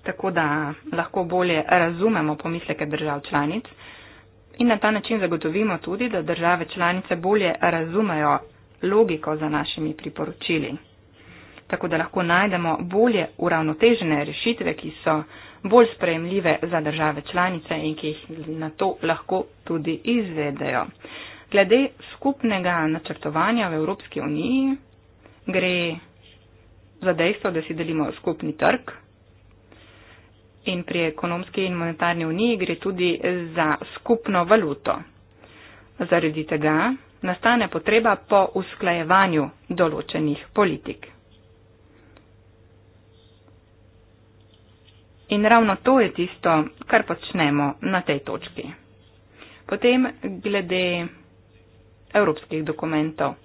Tako da lahko bolje razumemo pomisleke držav članic in na ta način zagotovimo tudi, da države članice bolje razumejo logiko za našimi priporočili, tako da lahko najdemo bolje uravnotežene rešitve, ki so bolj sprejemljive za države članice in ki jih na to lahko tudi izvedejo. Glede skupnega načrtovanja v Evropski uniji gre za dejstvo, da si delimo skupni trg, in pri ekonomski in monetarni uniji gre tudi za skupno valuto. Zaradi tega nastane potreba po usklajevanju določenih politik. In ravno to je tisto, kar počnemo na tej točki. Potem glede evropskih dokumentov.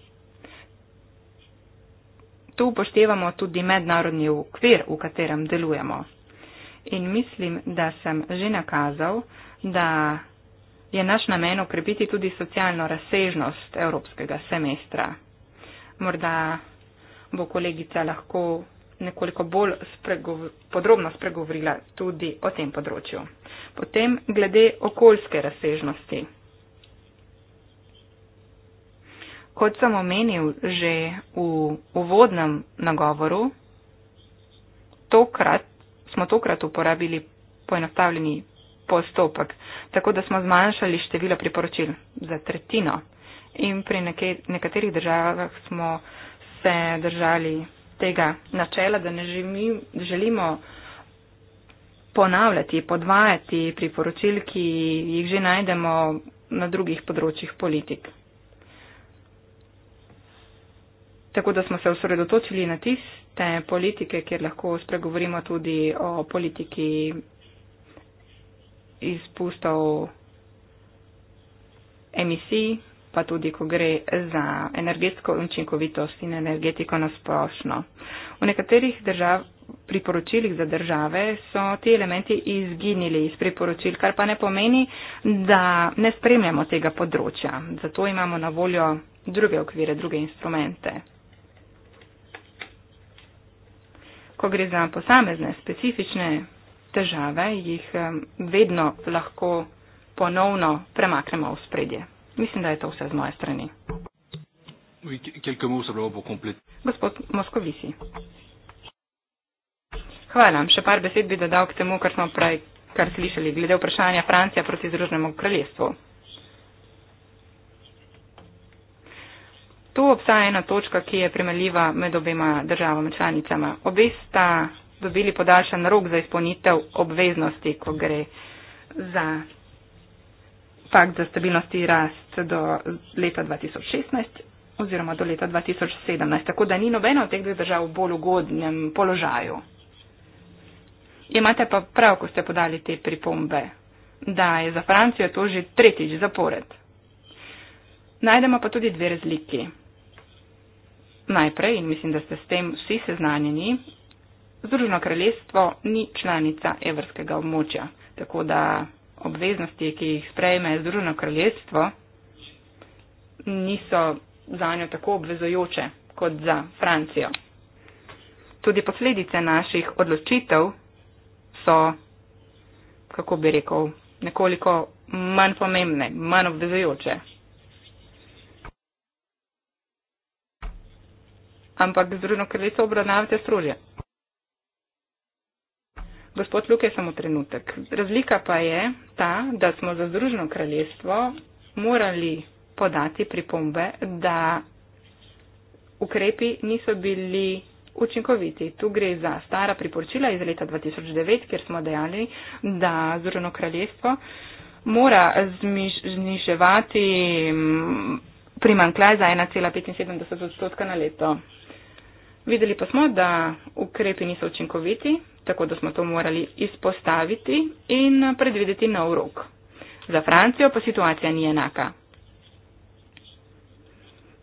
Tu upoštevamo tudi mednarodni okvir, v katerem delujemo in mislim, da sem že nakazal, da je naš namen okrepiti tudi socialno razsežnost evropskega semestra. Morda bo kolegica lahko nekoliko bolj spregov, podrobno spregovorila tudi o tem področju. Potem glede okoljske razsežnosti. Kot sem omenil že v uvodnem nagovoru, tokrat smo tokrat uporabili poenostavljeni postopek, tako da smo zmanjšali število priporočil za tretjino in pri nekaj, nekaterih državah smo se držali tega načela, da ne želim, želimo ponavljati, podvajati priporočil, ki jih že najdemo na drugih področjih politik. Tako da smo se osredotočili na tiste, teme politike, kjer lahko spregovorimo tudi o politiki izpustov emisij, pa tudi, ko gre za energetsko učinkovitost in energetiko nasplošno. V nekaterih držav, priporočilih za države so ti elementi izginili iz priporočil, kar pa ne pomeni, da ne spremljamo tega področja. Zato imamo na voljo druge okvire, druge instrumente. ko gre za posamezne specifične težave, jih vedno lahko ponovno premaknemo v spredje. Mislim, da je to vse z moje strani. Gospod Moskovisi. Hvala. Še par besed bi dodal k temu, kar smo prej kar slišali glede vprašanja Francija proti Združenemu kraljestvu. tu obstaja ena točka, ki je primeljiva med obema državama članicama. Obe sta dobili podaljšan rok za izpolnitev obveznosti, ko gre za pakt za stabilnost in rast do leta 2016 oziroma do leta 2017. Tako da ni nobena od teh dveh držav v bolj ugodnem položaju. Imate pa prav, ko ste podali te pripombe, da je za Francijo to že tretjič zapored. Najdemo pa tudi dve razliki. Najprej, in mislim, da ste s tem vsi seznanjeni, Združeno kraljestvo ni članica evrskega območja, tako da obveznosti, ki jih sprejme Združeno kraljestvo, niso za njo tako obvezojoče kot za Francijo. Tudi posledice naših odločitev so, kako bi rekel, nekoliko manj pomembne, manj obvezojoče. ampak zbrno kraljico obravnavate strožje. Gospod Luke, samo trenutek. Razlika pa je ta, da smo za Združeno kraljestvo morali podati pripombe, da ukrepi niso bili učinkoviti. Tu gre za stara priporočila iz leta 2009, kjer smo dejali, da Združeno kraljestvo mora zniževati mm, primankljaj za 1,75 odstotka na leto. Videli pa smo, da ukrepi niso učinkoviti, tako da smo to morali izpostaviti in predvideti nov rok. Za Francijo pa situacija ni enaka.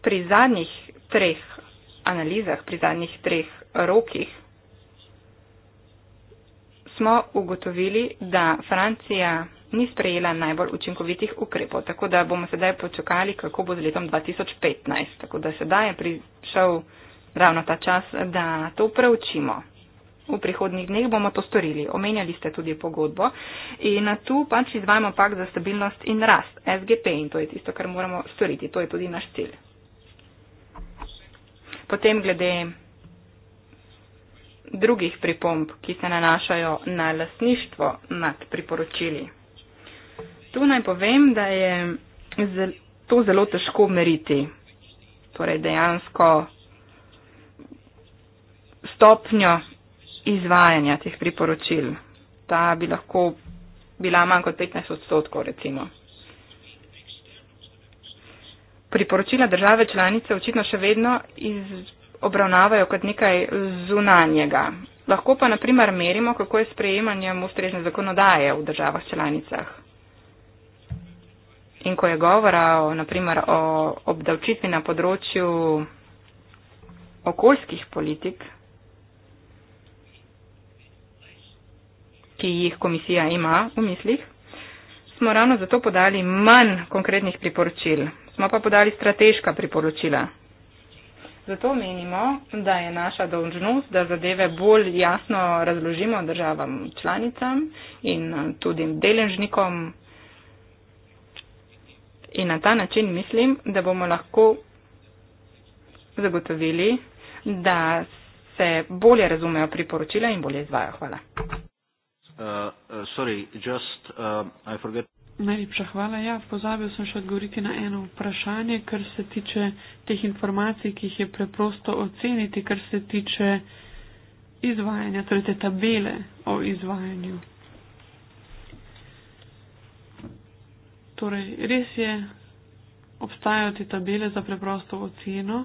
Pri zadnjih treh analizah, pri zadnjih treh rokih smo ugotovili, da Francija ni sprejela najbolj učinkovitih ukrepov, tako da bomo sedaj počakali, kako bo z letom 2015. Tako da sedaj je prišel Ravno ta čas, da to preučimo. V prihodnih dneh bomo to storili. Omenjali ste tudi pogodbo in tu pač izvajamo pakt za stabilnost in rast SGP in to je tisto, kar moramo storiti. To je tudi naš cilj. Potem glede drugih pripomb, ki se nanašajo na lasništvo nad priporočili. Tu naj povem, da je to zelo težko meriti. Torej dejansko stopnjo izvajanja teh priporočil. Ta bi lahko bila manj kot 15 odstotkov, recimo. Priporočila države članice očitno še vedno iz, obravnavajo kot nekaj zunanjega. Lahko pa naprimer merimo, kako je sprejemanje ustrezne zakonodaje v državah članicah. In ko je govora o, naprimer, o obdavčitvi na področju okoljskih politik, ki jih komisija ima v mislih, smo ravno zato podali manj konkretnih priporočil, smo pa podali strateška priporočila. Zato menimo, da je naša dolžnost, da zadeve bolj jasno razložimo državam članicam in eh, tudi deležnikom. In na ta način mislim, da bomo lahko zagotovili, da se bolje razumejo priporočila in bolje izvajo. Hvala. Uh, uh, sorry, just, uh, Najlepša hvala. Ja, pozabil sem še odgovoriti na eno vprašanje, kar se tiče teh informacij, ki jih je preprosto oceniti, kar se tiče izvajanja, torej te tabele o izvajanju. Torej, res je, obstajajo te tabele za preprosto oceno.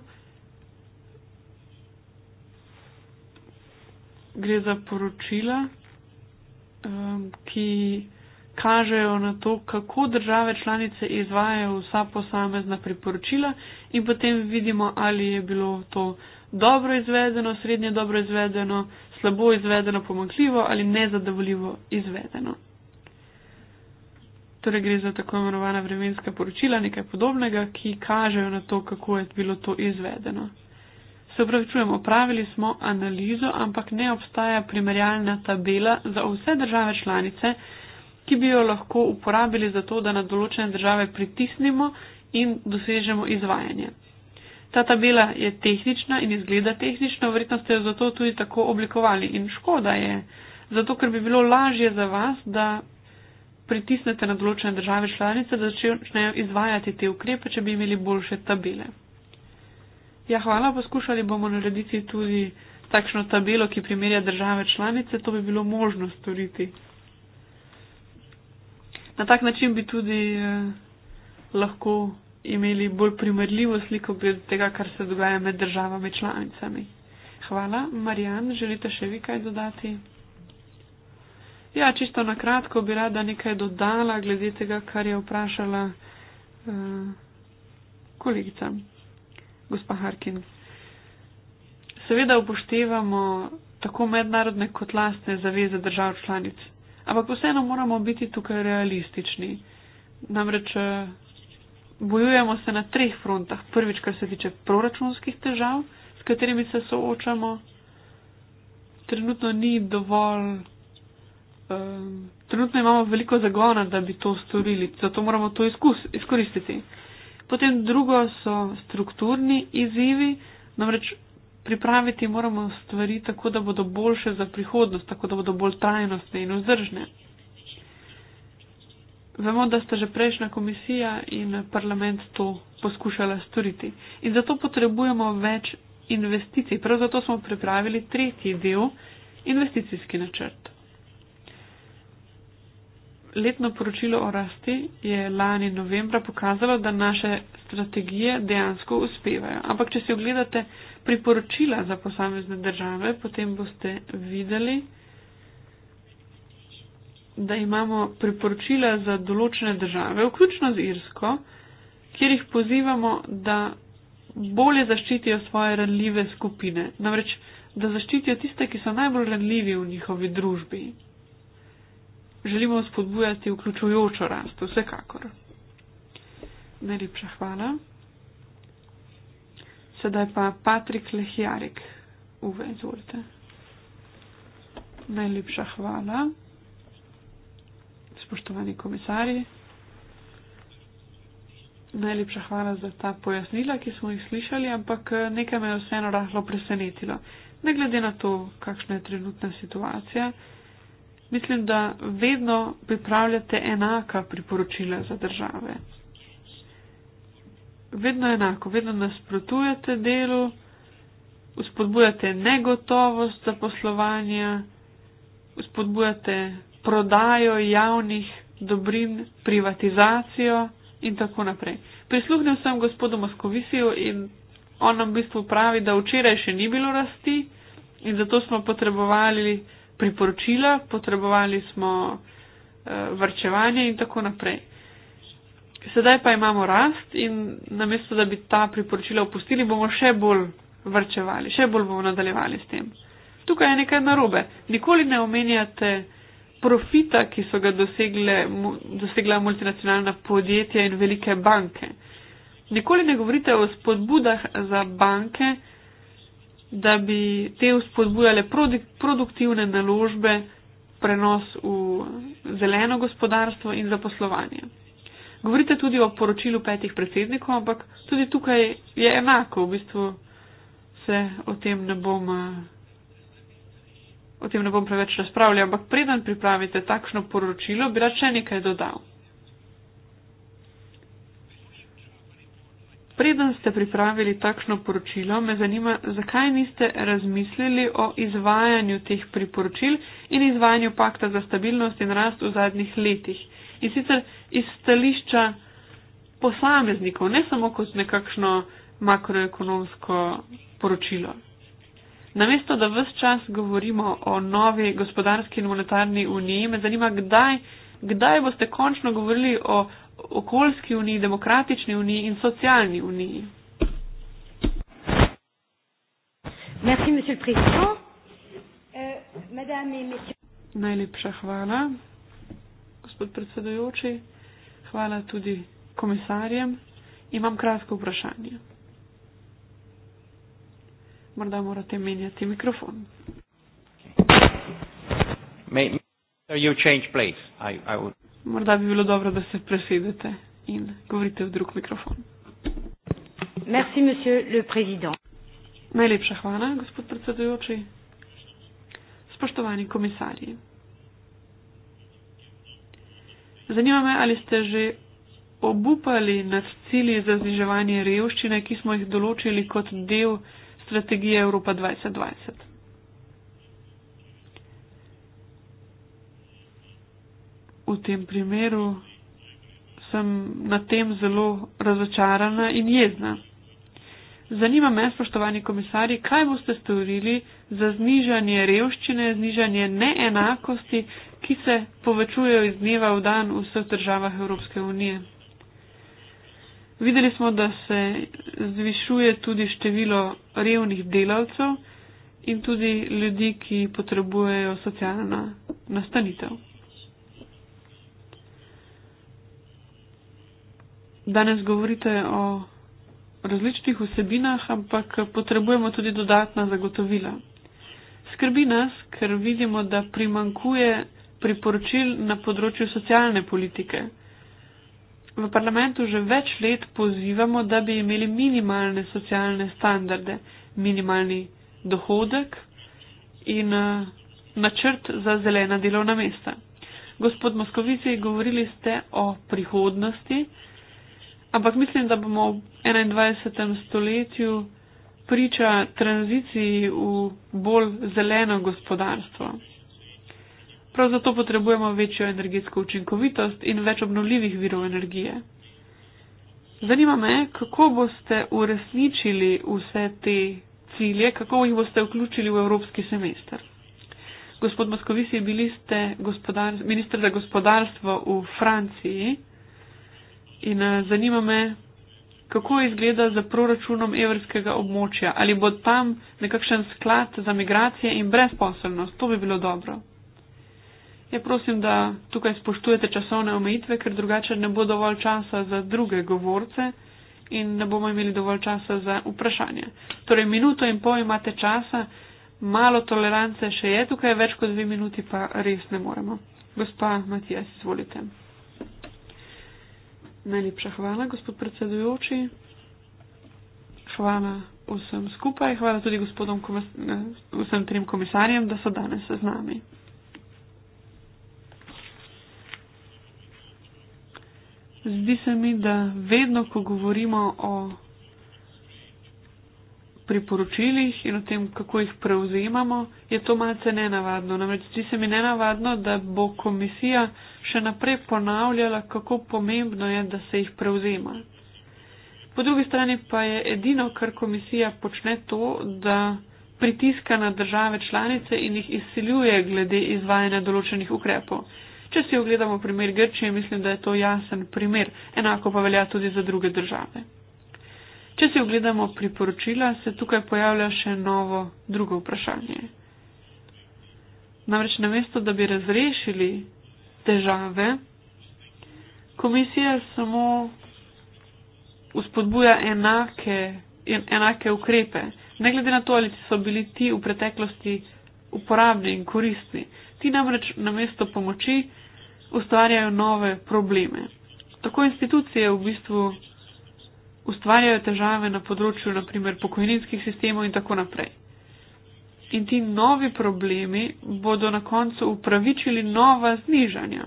Gre za poročila, um, ki kažejo na to, kako države članice izvajajo vsa posamezna priporočila in potem vidimo, ali je bilo to dobro izvedeno, srednje dobro izvedeno, slabo izvedeno, pomakljivo ali nezadovoljivo izvedeno. Torej gre za tako imenovana vremenska poročila, nekaj podobnega, ki kažejo na to, kako je bilo to izvedeno. Se pravi, čujemo, pravili smo analizo, ampak ne obstaja primerjalna tabela za vse države članice, ki bi jo lahko uporabili za to, da na določene države pritisnimo in dosežemo izvajanje. Ta tabela je tehnična in izgleda tehnično, verjetno ste jo zato tudi tako oblikovali in škoda je, zato ker bi bilo lažje za vas, da pritisnete na določene države članice, da začnejo izvajati te ukrepe, če bi imeli boljše tabele. Ja, hvala. Poskušali bomo narediti tudi takšno tabelo, ki primerja države članice. To bi bilo možno storiti. Na tak način bi tudi eh, lahko imeli bolj primerljivo sliko glede tega, kar se dogaja med državami članicami. Hvala. Marjan, želite še vi kaj dodati? Ja, čisto na kratko bi rada nekaj dodala glede tega, kar je vprašala eh, kolegica gospa Harkin. Seveda upoštevamo tako mednarodne kot lastne zaveze držav članic, ampak vseeno moramo biti tukaj realistični. Namreč eh, bojujemo se na treh frontah. Prvič, kar se tiče proračunskih težav, s katerimi se soočamo. Trenutno ni dovolj. Um, trenutno imamo veliko zagona, da bi to storili, zato moramo to izkus, izkoristiti. Potem drugo so strukturni izzivi, namreč pripraviti moramo stvari tako, da bodo boljše za prihodnost, tako da bodo bolj trajnostne in vzdržne. Vemo, da sta že prejšnja komisija in parlament to poskušala storiti. In zato potrebujemo več investicij. Prav zato smo pripravili tretji del, investicijski načrt letno poročilo o rasti je lani novembra pokazalo, da naše strategije dejansko uspevajo. Ampak, če si ogledate priporočila za posamezne države, potem boste videli, da imamo priporočila za določene države, vključno z Irsko, kjer jih pozivamo, da bolje zaščitijo svoje ranljive skupine. Namreč, da zaščitijo tiste, ki so najbolj ranljivi v njihovi družbi želimo spodbujati vključujočo rast, vsekakor. Najlepša hvala. Sedaj pa Patrik Lehjarik. Uve, izvolite. Najlepša hvala. Spoštovani komisarji. Najlepša hvala za ta pojasnila, ki smo jih slišali, ampak nekaj me je vseeno rahlo presenetilo. Ne glede na to, kakšna je trenutna situacija. Mislim, da vedno pripravljate enaka priporočila za države. Vedno enako, vedno nasprotujete delu, uspodbujate negotovost za poslovanje, uspodbujate prodajo javnih dobrin, privatizacijo in tako naprej. Prisluhnil sem gospodu Moskovisiju in on nam v bistvu pravi, da včeraj še ni bilo rasti in zato smo potrebovali priporočila, potrebovali smo eh, vrčevanje in tako naprej. Sedaj pa imamo rast in namesto, da bi ta priporočila opustili, bomo še bolj vrčevali, še bolj bomo nadaljevali s tem. Tukaj je nekaj narobe. Nikoli ne omenjate profita, ki so ga dosegle, dosegla multinacionalna podjetja in velike banke. Nikoli ne govorite o spodbudah za banke, da bi te vzpodbujale produktivne naložbe, prenos v zeleno gospodarstvo in zaposlovanje. Govorite tudi o poročilu petih predsednikov, ampak tudi tukaj je enako, v bistvu se o tem ne bom, o tem ne bom preveč razpravljal, ampak preden pripravite takšno poročilo, bi rad še nekaj dodal. Preden ste pripravili takšno poročilo, me zanima, zakaj niste razmislili o izvajanju teh priporočil in izvajanju pakta za stabilnost in rast v zadnjih letih. In sicer iz stališča posameznikov, ne samo kot nekakšno makroekonomsko poročilo. Namesto, da vse čas govorimo o novi gospodarski in monetarni uniji, me zanima, kdaj, kdaj boste končno govorili o okoljski uniji, demokratični uniji in socialni uniji. Merci, monsieur le président. Euh, madame et monsieur. Najlepša hvala, gospod predsedujoči. Hvala tudi komisarjem. Imam kratko vprašanje. Morda morate menjati mikrofon. May, may you change place? I, I would morda bi bilo dobro, da se presedete in govorite v drug mikrofon. Merci, le Najlepša hvala, gospod predsedujoči. Spoštovani komisarji. Zanima me, ali ste že obupali nad cilji za zniževanje revščine, ki smo jih določili kot del strategije Evropa 2020. v tem primeru sem na tem zelo razočarana in jezna. Zanima me, spoštovani komisari, kaj boste storili za znižanje revščine, znižanje neenakosti, ki se povečujejo iz dneva v dan v vseh državah Evropske unije. Videli smo, da se zvišuje tudi število revnih delavcev in tudi ljudi, ki potrebujejo socialna nastanitev. danes govorite o različnih vsebinah, ampak potrebujemo tudi dodatna zagotovila. Skrbi nas, ker vidimo, da primankuje priporočil na področju socialne politike. V parlamentu že več let pozivamo, da bi imeli minimalne socialne standarde, minimalni dohodek in eh, načrt za zelena delovna mesta. Gospod Moskovici, govorili ste o prihodnosti, ampak mislim, da bomo v 21. stoletju priča tranziciji v bolj zeleno gospodarstvo. Prav zato potrebujemo večjo energetsko učinkovitost in več obnovljivih virov energije. Zanima me, kako boste uresničili vse te cilje, kako jih boste vključili v evropski semester. Gospod Moskovici, bili ste gospodar, minister za gospodarstvo v Franciji. In eh, zanima me, kako izgleda za proračunom evrskega območja. Ali bo tam nekakšen sklad za migracije in brezposelnost? To bi bilo dobro. Ja, prosim, da tukaj spoštujete časovne omejitve, ker drugače ne bo dovolj časa za druge govorce in ne bomo imeli dovolj časa za vprašanje. Torej, minuto in pol imate časa, malo tolerance še je tukaj, več kot dve minuti pa res ne moremo. Gospa Matijas, izvolite. Najlepša hvala, gospod predsedujoči. Hvala vsem skupaj, hvala tudi gospodom, eh, vsem trim komisarjem, da so danes z nami. Zdi se mi, da vedno, ko govorimo o priporočilih in o tem, kako jih prevzemamo, je to malce nenavadno. Namreč zdi se mi nenavadno, da bo komisija še naprej ponavljala, kako pomembno je, da se jih prevzema. Po drugi strani pa je edino, kar komisija počne to, da pritiska na države članice in jih izsiljuje glede izvajanja določenih ukrepov. Če si ogledamo primer Grčije, mislim, da je to jasen primer, enako pa velja tudi za druge države. Če si ogledamo priporočila, se tukaj pojavlja še novo drugo vprašanje. Namreč na mesto, da bi razrešili težave. Komisija samo uspodbuja enake, en, enake ukrepe, ne glede na to, ali so bili ti v preteklosti uporabni in koristni. Ti namreč na mesto pomoči ustvarjajo nove probleme. Tako institucije v bistvu ustvarjajo težave na področju naprimer pokojninskih sistemov in tako naprej in ti novi problemi bodo na koncu upravičili nova znižanja.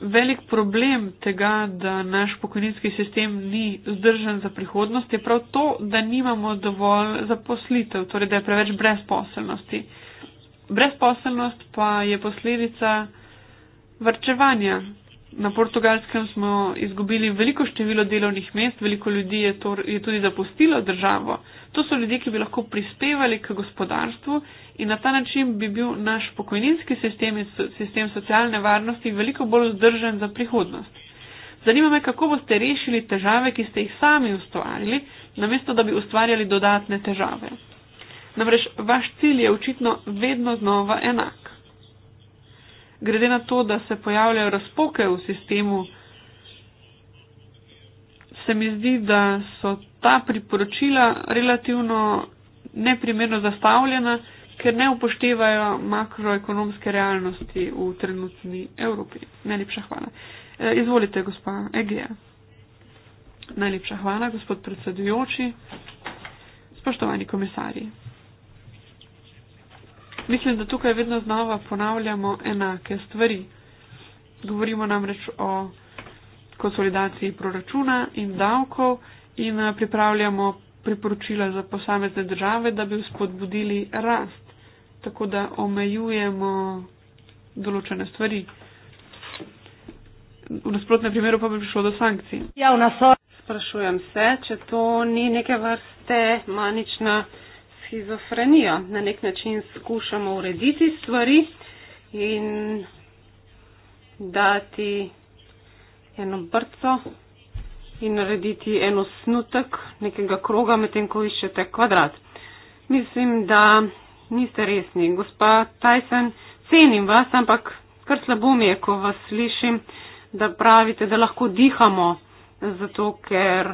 Velik problem tega, da naš pokojninski sistem ni zdržen za prihodnost, je prav to, da nimamo dovolj zaposlitev, torej da je preveč brezposelnosti. Brezposelnost pa je posledica varčevanja Na portugalskem smo izgubili veliko število delovnih mest, veliko ljudi je, to, je tudi zapustilo državo. To so ljudje, ki bi lahko prispevali k gospodarstvu in na ta način bi bil naš pokojninski sistem in sistem socialne varnosti veliko bolj vzdržen za prihodnost. Zanima me, kako boste rešili težave, ki ste jih sami ustvarili, namesto da bi ustvarjali dodatne težave. Namreč vaš cilj je očitno vedno znova enak glede na to, da se pojavljajo razpoke v sistemu, se mi zdi, da so ta priporočila relativno neprimerno zastavljena, ker ne upoštevajo makroekonomske realnosti v trenutni Evropi. Najlepša hvala. E, izvolite, gospa Egeja. Najlepša hvala, gospod predsedujoči. Spoštovani komisarji. Mislim, da tukaj vedno znova ponavljamo enake stvari. Govorimo namreč o konsolidaciji proračuna in davkov in eh, pripravljamo priporočila za posamezne države, da bi vzpodbudili rast, tako da omejujemo določene stvari. V nasprotnem primeru pa bi prišlo do sankcij. Ja, Sprašujem se, če to ni neke vrste manična schizofrenijo. Na nek način skušamo urediti stvari in dati eno brco in narediti eno snutek nekega kroga, medtem ko iščete kvadrat. Mislim, da niste resni. Gospa Tyson, cenim vas, ampak kar slabo mi je, ko vas slišim, da pravite, da lahko dihamo, zato ker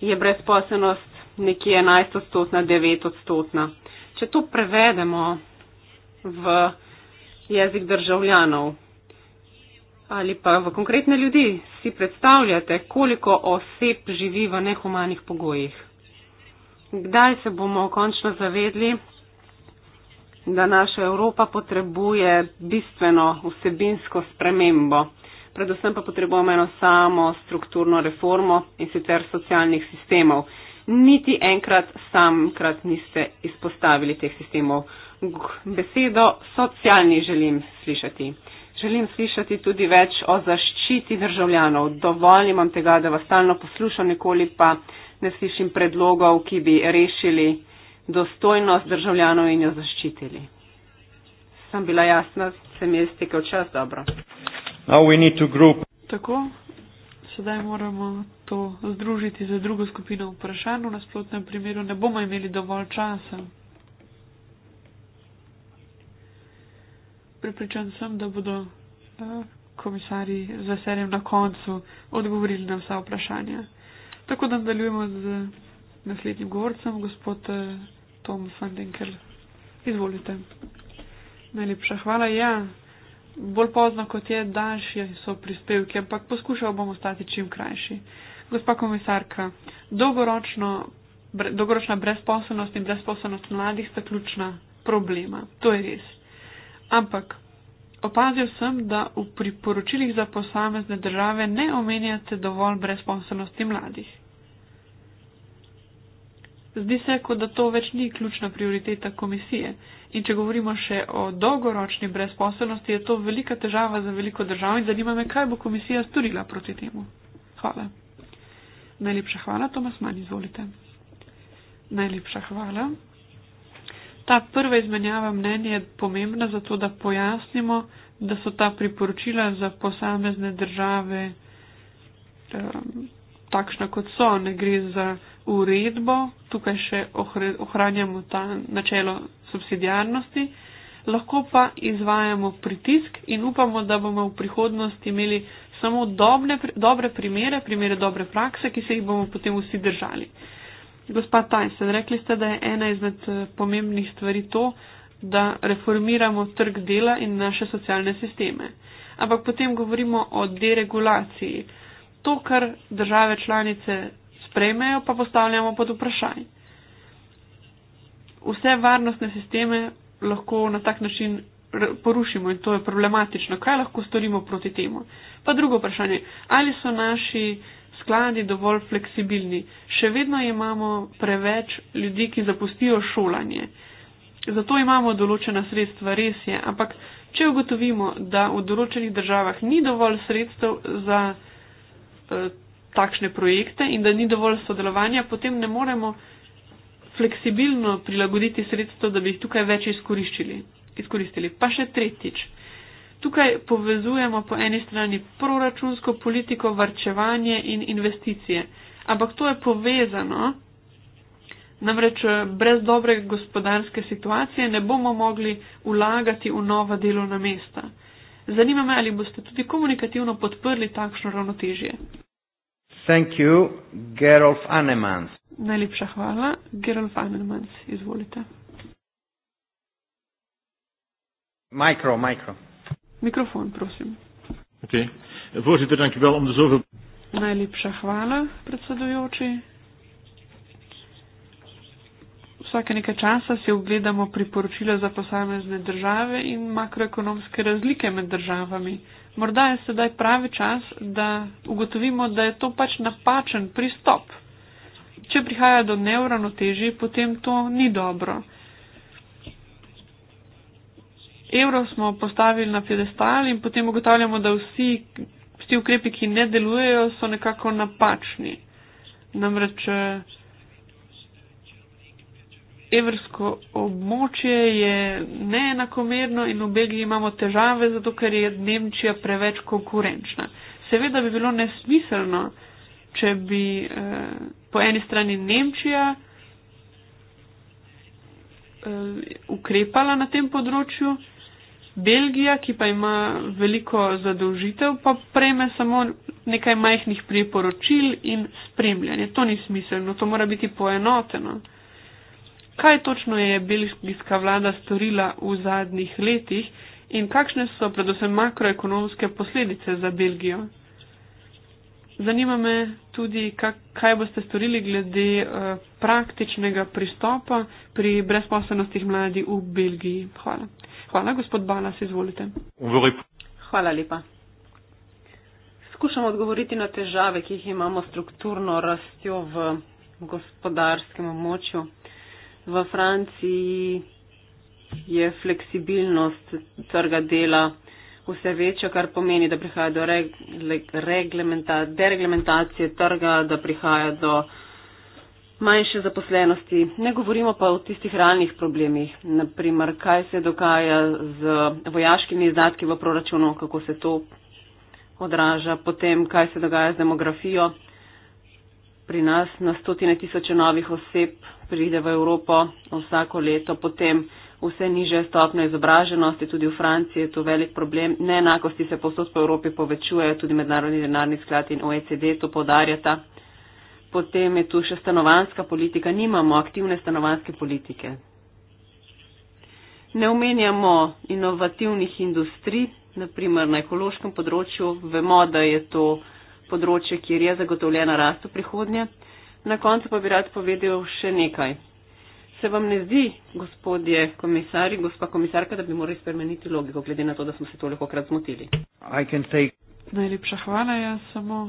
je brezposobnost nekje 11 odstotna, 9 odstotna. Če to prevedemo v jezik državljanov ali pa v konkretne ljudi, si predstavljate, koliko oseb živi v nehumanih pogojih. Kdaj se bomo končno zavedli, da naša Evropa potrebuje bistveno vsebinsko spremembo. Predvsem pa potrebujemo eno samo strukturno reformo in sicer socialnih sistemov niti enkrat samkrat niste izpostavili teh sistemov. Besedo socialni želim slišati. Želim slišati tudi več o zaščiti državljanov. Dovolj imam tega, da vas stalno poslušam, nikoli pa ne slišim predlogov, ki bi rešili dostojnost državljanov in jo zaščitili. Sem bila jasna, se mi je stekel čas dobro. Tako, sedaj moramo to združiti z drugo skupino vprašanj, v nasprotnem primeru ne bomo imeli dovolj časa. Pripričan sem, da bodo eh, komisari z veseljem na koncu odgovorili na vsa vprašanja. Tako da nadaljujemo z naslednjim govorcem, gospod eh, Tom Fandenker. Izvolite. Najlepša hvala. Ja, bolj pozno kot je, daljši so prispevki, ampak poskušal bom ostati čim krajši. Gospa komisarka, dolgoročno, bre, dolgoročna brezposobnost in brezposobnost mladih sta ključna problema. To je res. Ampak opazil sem, da v priporočilih za posamezne države ne omenjate dovolj brezposobnosti mladih. Zdi se, kot da to več ni ključna prioriteta komisije. In če govorimo še o dolgoročni brezposobnosti, je to velika težava za veliko držav in zanima me, kaj bo komisija storila proti temu. Hvala. Najlepša hvala, Tomas Man, izvolite. Najlepša hvala. Ta prva izmenjava mnenja je pomembna zato, da pojasnimo, da so ta priporočila za posamezne države um, takšna, kot so. Ne gre za uredbo, tukaj še ohranjamo ta načelo subsidijarnosti, lahko pa izvajamo pritisk in upamo, da bomo v prihodnosti imeli samo dobne, dobre primere, primere dobre prakse, ki se jih bomo potem vsi držali. Gospa Tyson, rekli ste, da je ena izmed eh, pomembnih stvari to, da reformiramo trg dela in naše socialne sisteme. Ampak potem govorimo o deregulaciji. To, kar države članice sprejmejo, pa postavljamo pod vprašanje. Vse varnostne sisteme lahko na tak način porušimo in to je problematično. Kaj lahko storimo proti temu? Pa drugo vprašanje, ali so naši skladi dovolj fleksibilni? Še vedno imamo preveč ljudi, ki zapustijo šolanje. Zato imamo določena sredstva, res je, ampak če ugotovimo, da v določenih državah ni dovolj sredstev za eh, takšne projekte in da ni dovolj sodelovanja, potem ne moremo fleksibilno prilagoditi sredstev, da bi jih tukaj več izkoriščili izkoristili. Pa še tretjič. Tukaj povezujemo po eni strani proračunsko politiko, varčevanje in investicije. Ampak to je povezano, namreč brez dobre gospodarske situacije ne bomo mogli ulagati v nova delovna mesta. Zanima me, ali boste tudi komunikativno podprli takšno ravnotežje. Najlepša hvala. Gerolf Annemans, izvolite. Micro, micro. Mikrofon, prosim. Ok. Voorzitter, dank u wel om de zoveel. Najlepša hvala, predsedujoči. Vsake nekaj časa si ogledamo priporočila za posamezne države in makroekonomske razlike med državami. Morda je sedaj pravi čas, da ugotovimo, da je to pač napačen pristop. Če prihaja do neuravnotežji, potem to ni dobro evro smo postavili na piedestal in potem ugotavljamo, da vsi, vsi ukrepi, ki ne delujejo, so nekako napačni. Namreč eh, evrsko območje je neenakomerno in v Belgiji imamo težave, zato ker je Nemčija preveč konkurenčna. Seveda bi bilo nesmiselno, če bi eh, po eni strani Nemčija eh, ukrepala na tem področju, Belgija, ki pa ima veliko zadolžitev, pa preme samo nekaj majhnih priporočil in spremljanje. To ni smiselno, to mora biti poenoteno. Kaj točno je belgijska vlada storila v zadnjih letih in kakšne so predvsem makroekonomske posledice za Belgijo? Zanima me tudi, kaj boste storili glede eh, praktičnega pristopa pri brezposobnostih mladi v Belgiji. Hvala. Hvala, gospod Balas, izvolite. Hvala lepa. Skušamo odgovoriti na težave, ki jih imamo strukturno rastjo v gospodarskem območju. V Franciji je fleksibilnost trga dela vse večja, kar pomeni, da prihaja do reg reglementa dereglementacije trga, da prihaja do manjše zaposlenosti. Ne govorimo pa o tistih realnih problemih, naprimer, kaj se dogaja z vojaškimi izdatki v proračunu, kako se to odraža, potem, kaj se dogaja z demografijo. Pri nas na stotine tisoče novih oseb pride v Evropo vsako leto, potem vse niže stopne izobraženosti, tudi v Franciji je to velik problem. Neenakosti se posod po Evropi povečujejo, tudi mednarodni denarni sklad in OECD to podarjata potem je tu še stanovanska politika. Nimamo aktivne stanovanske politike. Ne omenjamo inovativnih industrij, naprimer na ekološkem področju. Vemo, da je to področje, kjer je zagotovljena rast v prihodnje. Na koncu pa bi rad povedal še nekaj. Se vam ne zdi, gospodje komisari, gospa komisarka, da bi morali spremeniti logiko, glede na to, da smo se toliko krat zmotili? Take... Najlepša hvala, jaz samo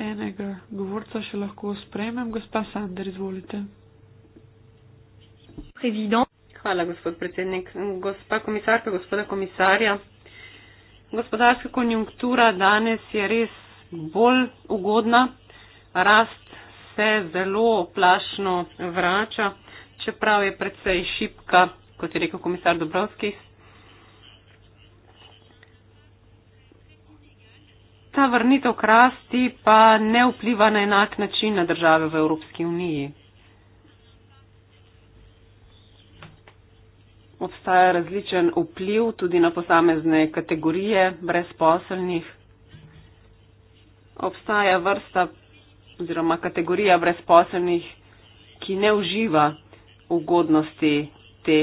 enega govorca še lahko sprejmem. Gospa Sander, izvolite. Hvala, gospod predsednik. Gospa komisarka, gospoda komisarja. Gospodarska konjunktura danes je res bolj ugodna. Rast se zelo plašno vrača, čeprav je predvsej šipka, kot je rekel komisar Dobrovski, ta vrnitev k rasti pa ne vpliva na enak način na države v Evropski uniji. Obstaja različen vpliv tudi na posamezne kategorije brezposelnih. Obstaja vrsta oziroma kategorija brezposelnih, ki ne uživa ugodnosti te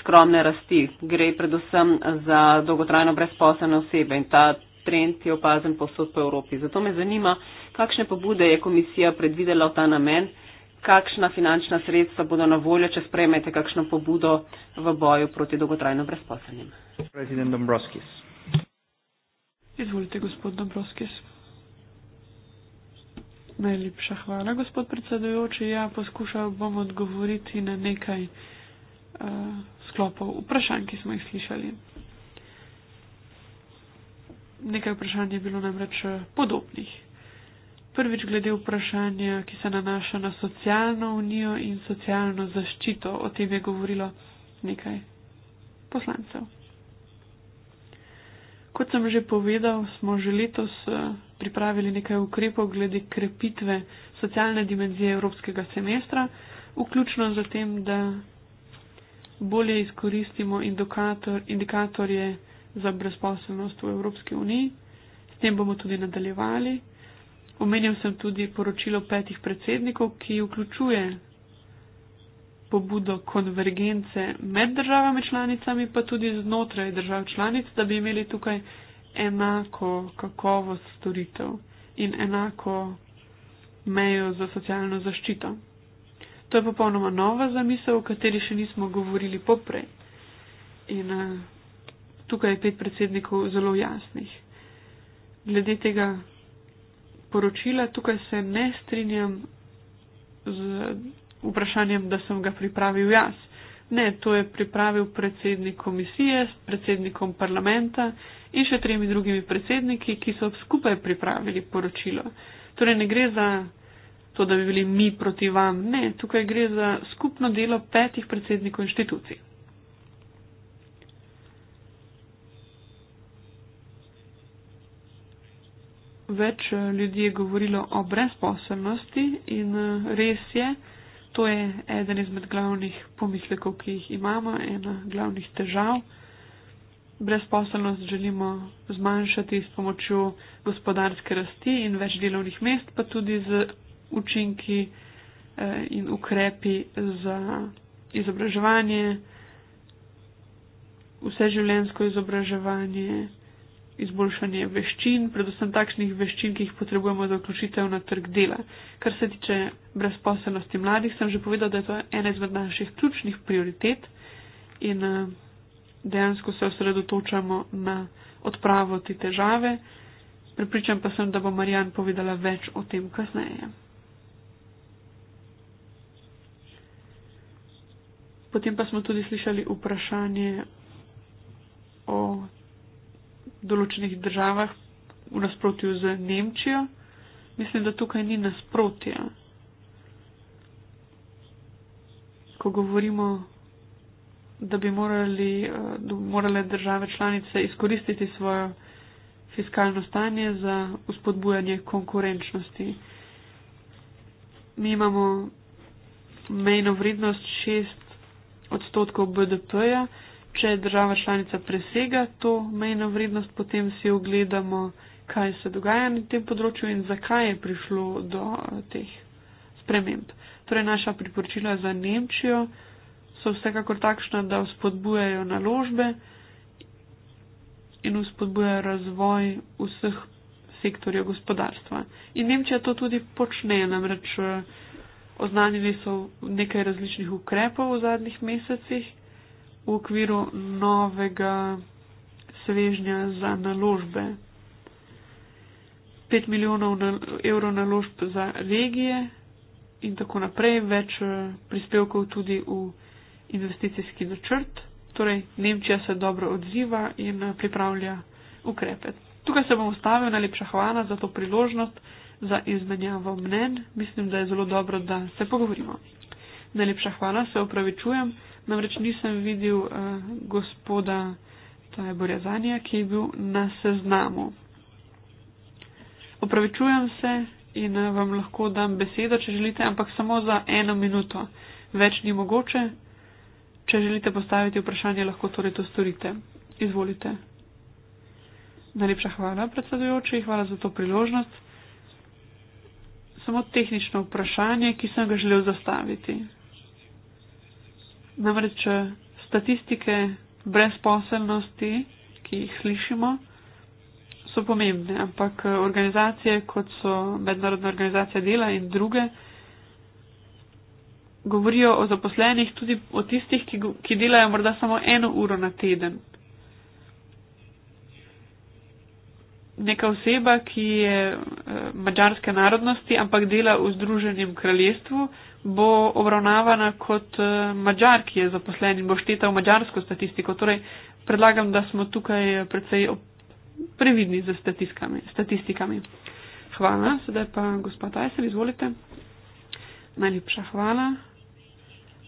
skromne rasti. Gre predvsem za dolgotrajno brezposelne osebe in ta trend je opazen posod po Evropi. Zato me zanima, kakšne pobude je komisija predvidela v ta namen, kakšna finančna sredstva bodo na voljo, če sprejmete kakšno pobudo v boju proti dolgotrajno brezposelnim. Predsednik Dombrovskis. Izvolite, gospod Dombrovskis. Najlepša hvala, gospod predsedujoči. Ja, poskušal bom odgovoriti na nekaj uh, sklopov vprašanj, ki smo jih slišali nekaj vprašanj je bilo namreč eh, podobnih. Prvič glede vprašanja, ki se nanaša na socialno unijo in socialno zaščito, o tem je govorilo nekaj poslancev. Kot sem že povedal, smo že letos eh, pripravili nekaj ukrepov glede krepitve socialne dimenzije evropskega semestra, vključno z tem, da bolje izkoristimo indikator, indikatorje za brezposobnost v Evropski uniji. S tem bomo tudi nadaljevali. Omenil sem tudi poročilo petih predsednikov, ki vključuje pobudo konvergence med državami članicami, pa tudi znotraj držav članic, da bi imeli tukaj enako kakovost storitev in enako mejo za socialno zaščito. To je popolnoma nova zamisel, o kateri še nismo govorili poprej. In eh, tukaj je pet predsednikov zelo jasnih. Glede tega poročila, tukaj se ne strinjam z vprašanjem, da sem ga pripravil jaz. Ne, to je pripravil predsednik komisije s predsednikom parlamenta in še tremi drugimi predsedniki, ki so skupaj pripravili poročilo. Torej ne gre za to, da bi bili mi proti vam. Ne, tukaj gre za skupno delo petih predsednikov inštitucij. več eh, ljudi je govorilo o brezposobnosti in eh, res je, to je eden izmed glavnih pomislekov, ki jih imamo, ena glavnih težav. Brezposobnost želimo zmanjšati s pomočjo gospodarske rasti in več delovnih mest, pa tudi z učinki eh, in ukrepi za izobraževanje, vseživljensko izobraževanje izboljšanje veščin, predvsem takšnih veščin, ki jih potrebujemo za vključitev na trg dela. Kar se tiče brezposobnosti mladih, sem že povedal, da je to ena izmed naših ključnih prioritet in eh, dejansko se osredotočamo na odpravo te težave. Pripričam pa sem, da bo Marjan povedala več o tem kasneje. Potem pa smo tudi slišali vprašanje o določenih državah v nasprotju z Nemčijo. Mislim, da tukaj ni nasprotja. Ko govorimo, da bi morali, eh, da morale države članice izkoristiti svojo fiskalno stanje za uspodbujanje konkurenčnosti. Mi imamo mejno vrednost 6 odstotkov BDP-ja, Če država članica presega to mejno vrednost, potem si ogledamo, kaj se dogaja na tem področju in zakaj je prišlo do eh, teh sprememb. Torej, naša priporočila za Nemčijo so vsekakor takšna, da vzpodbujajo naložbe in vzpodbujajo razvoj vseh sektorjev gospodarstva. In Nemčija to tudi počne, namreč eh, oznanili so nekaj različnih ukrepov v zadnjih mesecih v okviru novega svežnja za naložbe. 5 milijonov evrov naložb za regije in tako naprej, več eh, prispevkov tudi v investicijski načrt. Torej, Nemčija se dobro odziva in eh, pripravlja ukrepe. Tukaj se bom ustavil, najlepša hvala za to priložnost za izmenjavo mnen. Mislim, da je zelo dobro, da se pogovorimo. Najlepša hvala, se opravičujem. Namreč nisem videl uh, gospoda, to je Borjazanja, ki je bil na seznamu. Opravičujem se in uh, vam lahko dam besedo, če želite, ampak samo za eno minuto. Več ni mogoče. Če želite postaviti vprašanje, lahko torej to storite. Izvolite. Najlepša hvala, predsedujoči, hvala za to priložnost. Samo tehnično vprašanje, ki sem ga želel zastaviti. Namreč eh, statistike brezposelnosti, ki jih slišimo, so pomembne, ampak eh, organizacije, kot so Mednarodna organizacija dela in druge, govorijo o zaposlenih tudi o tistih, ki, ki delajo morda samo eno uro na teden. neka oseba, ki je eh, mađarske narodnosti, ampak dela v Združenem kraljestvu, bo obravnavana kot eh, mađar, ki je zaposlen in bo šteta v mađarsko statistiko. Torej, predlagam, da smo tukaj eh, predvsej previdni z statistikami. Hvala. Sedaj pa gospod Tajsel, izvolite. Najlepša hvala.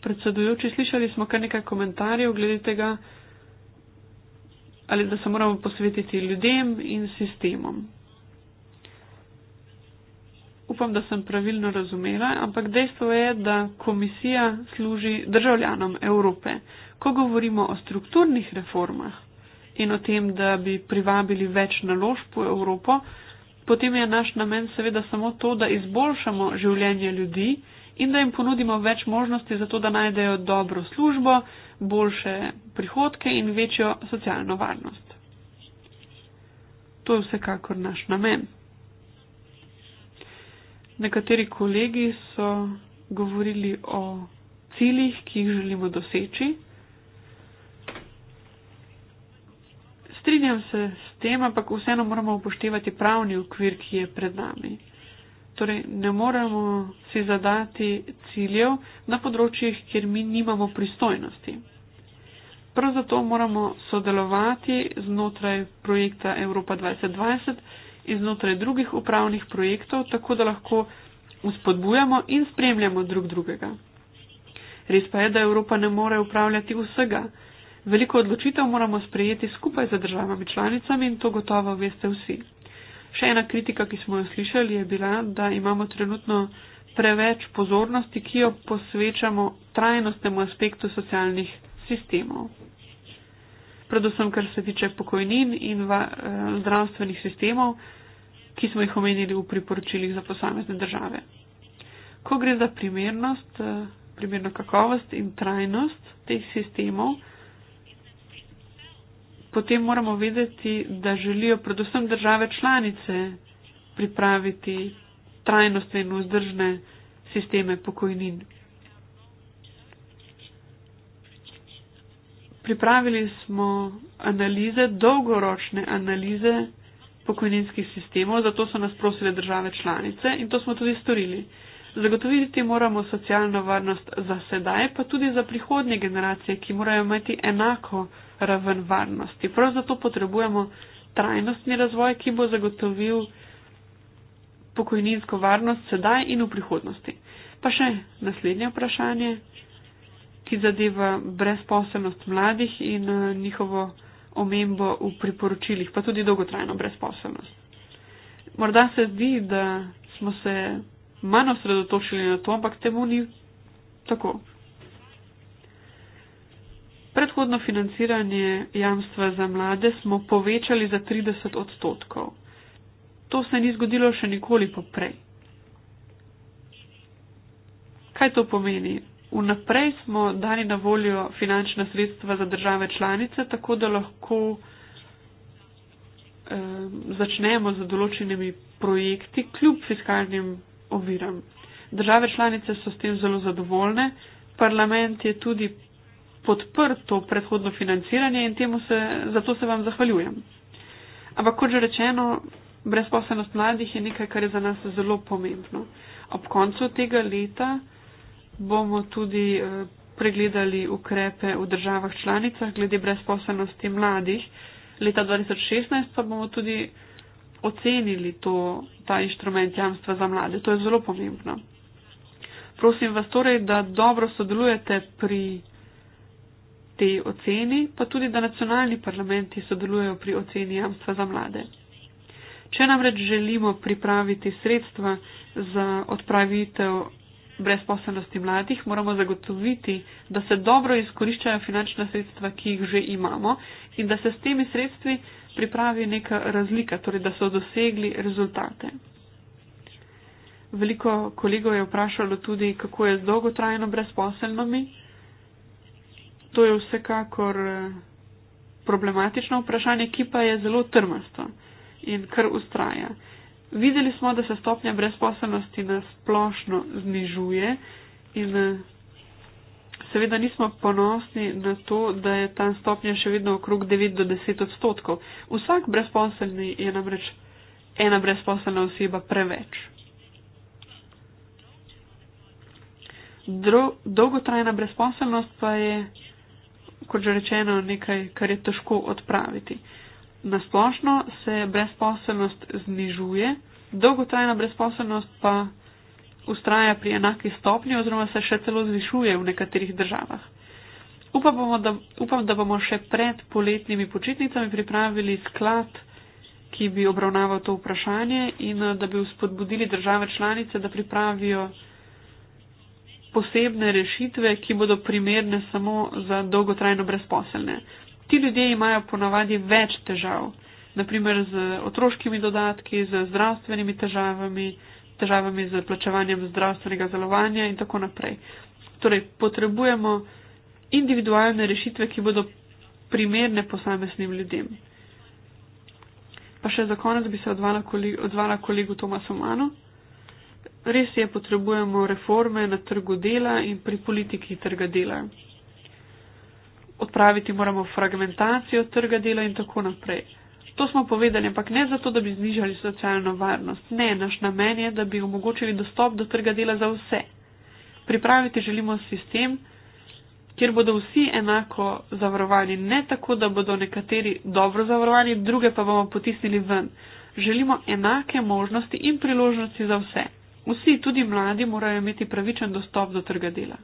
Predsedujoči, slišali smo kar nekaj komentarjev glede tega, ali da se moramo posvetiti ljudem in sistemom. Upam, da sem pravilno razumela, ampak dejstvo je, da komisija služi državljanom Evrope. Ko govorimo o strukturnih reformah in o tem, da bi privabili več naložb v Evropo, potem je naš namen seveda samo to, da izboljšamo življenje ljudi in da jim ponudimo več možnosti za to, da najdejo dobro službo, boljše prihodke in večjo socialno varnost. To je vsekakor naš namen. Nekateri kolegi so govorili o ciljih, ki jih želimo doseči. Strinjam se s tem, ampak vseeno moramo upoštevati pravni okvir, ki je pred nami. Torej, ne moremo si zadati ciljev na področjih, kjer mi nimamo pristojnosti. Prav zato moramo sodelovati znotraj projekta Evropa 2020 in znotraj drugih upravnih projektov, tako da lahko uspodbujamo in spremljamo drug drugega. Res pa je, da Evropa ne more upravljati vsega. Veliko odločitev moramo sprejeti skupaj z državami članicami in to gotovo veste vsi. Še ena kritika, ki smo jo slišali, je bila, da imamo trenutno preveč pozornosti, ki jo posvečamo trajnostnemu aspektu socialnih sistemov. Predvsem, kar se tiče pokojnin in va, eh, zdravstvenih sistemov, ki smo jih omenili v priporočilih za posamezne države. Ko gre za primernost, eh, primerno kakovost in trajnost teh sistemov, potem moramo vedeti, da želijo predvsem države članice pripraviti trajnostne in vzdržne sisteme pokojnin. Pripravili smo analize, dolgoročne analize pokojninskih sistemov, zato so nas prosile države članice in to smo tudi storili. Zagotoviti moramo socialno varnost za sedaj, pa tudi za prihodnje generacije, ki morajo imeti enako raven varnosti. Prav zato potrebujemo trajnostni razvoj, ki bo zagotovil pokojninsko varnost sedaj in v prihodnosti. Pa še naslednje vprašanje, ki zadeva brezposelnost mladih in eh, njihovo omembo v priporočilih, pa tudi dolgotrajno brezposelnost. Morda se zdi, da smo se manj osredotočili na to, ampak temu ni tako. Predhodno financiranje jamstva za mlade smo povečali za 30 odstotkov. To se ni zgodilo še nikoli poprej. Kaj to pomeni? Vnaprej smo dali na voljo finančna sredstva za države članice, tako da lahko eh, začnemo z določenimi projekti kljub fiskalnim oviram. Države članice so s tem zelo zadovoljne. Parlament je tudi podprl to predhodno financiranje in temu se, zato se vam zahvaljujem. Ampak kot že rečeno, brezposelnost mladih je nekaj, kar je za nas zelo pomembno. Ob koncu tega leta bomo tudi eh, pregledali ukrepe v državah članicah glede brezposelnosti mladih. Leta 2016 pa bomo tudi ocenili to, ta inštrument jamstva za mlade. To je zelo pomembno. Prosim vas torej, da dobro sodelujete pri tej oceni, pa tudi, da nacionalni parlamenti sodelujejo pri oceni jamstva za mlade. Če namreč želimo pripraviti sredstva za odpravitev brezposobnosti mladih, moramo zagotoviti, da se dobro izkoriščajo finančna sredstva, ki jih že imamo in da se s temi sredstvi pripravi neka razlika, torej da so dosegli rezultate. Veliko kolegov je vprašalo tudi, kako je z dolgotrajno brezposelnomi. To je vsekakor eh, problematično vprašanje, ki pa je zelo trmasto in kar ustraja. Videli smo, da se stopnja brezposobnosti nasplošno znižuje in eh, seveda nismo ponosni na to, da je ta stopnja še vedno okrog 9 do 10 odstotkov. Vsak brezposobni je namreč ena brezposobna oseba preveč. Dro, dolgotrajna brezposobnost pa je kot že rečeno, nekaj, kar je težko odpraviti. Nasplošno se brezposelnost znižuje, dolgotrajna brezposelnost pa ustraja pri enaki stopnji oziroma se še celo zvišuje v nekaterih državah. Upam, bomo, da, upam, da bomo še pred poletnimi počitnicami pripravili sklad, ki bi obravnaval to vprašanje in da bi vzpodbudili države članice, da pripravijo posebne rešitve, ki bodo primerne samo za dolgotrajno brezposelne. Ti ljudje imajo ponavadi več težav, naprimer z otroškimi dodatki, z zdravstvenimi težavami, težavami z plačevanjem zdravstvenega zalovanja in tako naprej. Torej, potrebujemo individualne rešitve, ki bodo primerne posameznim ljudem. Pa še za konec bi se odvala kolegu, kolegu Tomasu Manu res je, potrebujemo reforme na trgu dela in pri politiki trga dela. Odpraviti moramo fragmentacijo trga dela in tako naprej. To smo povedali, ampak ne zato, da bi znižali socialno varnost. Ne, naš namen je, da bi omogočili dostop do trga dela za vse. Pripraviti želimo sistem, kjer bodo vsi enako zavarovani. Ne tako, da bodo nekateri dobro zavarovani, druge pa bomo potisnili ven. Želimo enake možnosti in priložnosti za vse. Vsi, tudi mladi, morajo imeti pravičen dostop do trga dela.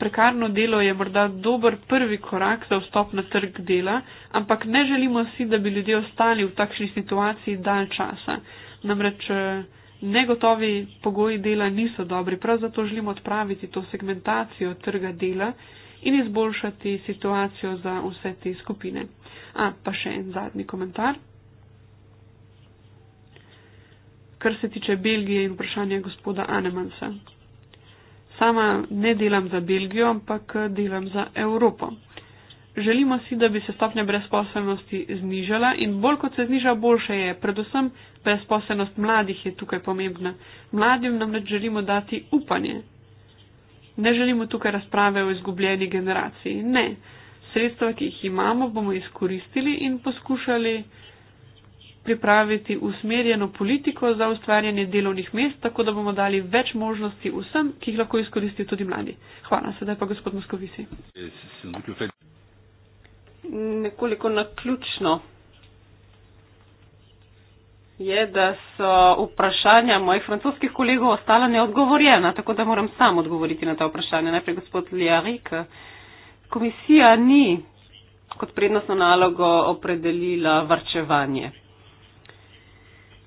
Prekarno delo je morda dober prvi korak za vstop na trg dela, ampak ne želimo si, da bi ljudje ostali v takšni situaciji dalj časa. Namreč eh, negotovi pogoji dela niso dobri, prav zato želimo odpraviti to segmentacijo trga dela, in izboljšati situacijo za vse te skupine. A pa še en zadnji komentar. Kar se tiče Belgije in vprašanja gospoda Anemansa. Sama ne delam za Belgijo, ampak delam za Evropo. Želimo si, da bi se stopnja brezposelnosti znižala in bolj kot se zniža, boljše je. Predvsem brezposelnost mladih je tukaj pomembna. Mladim namreč želimo dati upanje, Ne želimo tukaj razprave o izgubljeni generaciji. Ne. Sredstva, ki jih imamo, bomo izkoristili in poskušali pripraviti usmerjeno politiko za ustvarjanje delovnih mest, tako da bomo dali več možnosti vsem, ki jih lahko izkoristijo tudi mladi. Hvala, sedaj pa gospod Moskovici. Nekoliko naključno je, da so vprašanja mojih francoskih kolegov ostala neodgovorjena, tako da moram sam odgovoriti na ta vprašanja. Najprej gospod Ljarik, komisija ni kot prednostno nalogo opredelila varčevanje.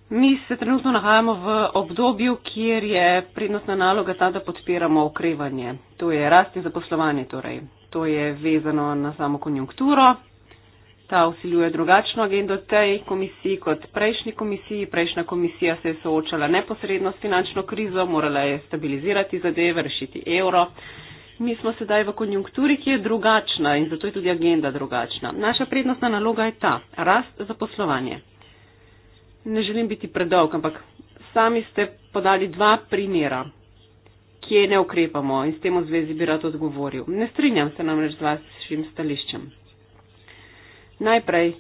Mi se trenutno nahajamo v obdobju, kjer je prednostna naloga ta, da podpiramo okrevanje. To je rast in zaposlovanje torej. To je vezano na samo konjunkturo, ta usiljuje drugačno agendo tej komisiji kot prejšnji komisiji. Prejšnja komisija se je soočala neposredno s finančno krizo, morala je stabilizirati zadeve, rešiti evro. Mi smo sedaj v konjunkturi, ki je drugačna in zato je tudi agenda drugačna. Naša prednostna naloga je ta, rast za poslovanje. Ne želim biti predolg, ampak sami ste podali dva primera, kje ne ukrepamo in s tem v zvezi bi rad odgovoril. Ne strinjam se namreč z vašim stališčem najprej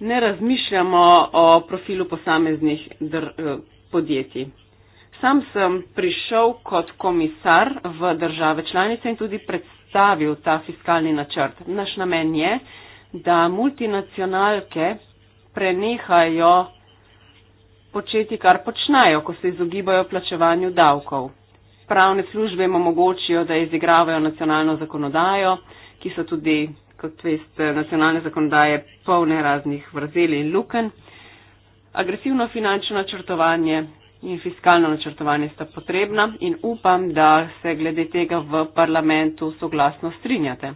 ne razmišljamo o profilu posameznih dr, eh, podjetij. Sam sem prišel kot komisar v države članice in tudi predstavil ta fiskalni načrt. Naš namen je, da multinacionalke prenehajo početi, kar počnajo, ko se izogibajo plačevanju davkov. Pravne službe jim omogočijo, da izigravajo nacionalno zakonodajo, ki so tudi kot veste, nacionalne zakonodaje polne raznih vrzeli in luken. Agresivno finančno načrtovanje in fiskalno načrtovanje sta potrebna in upam, da se glede tega v parlamentu soglasno strinjate.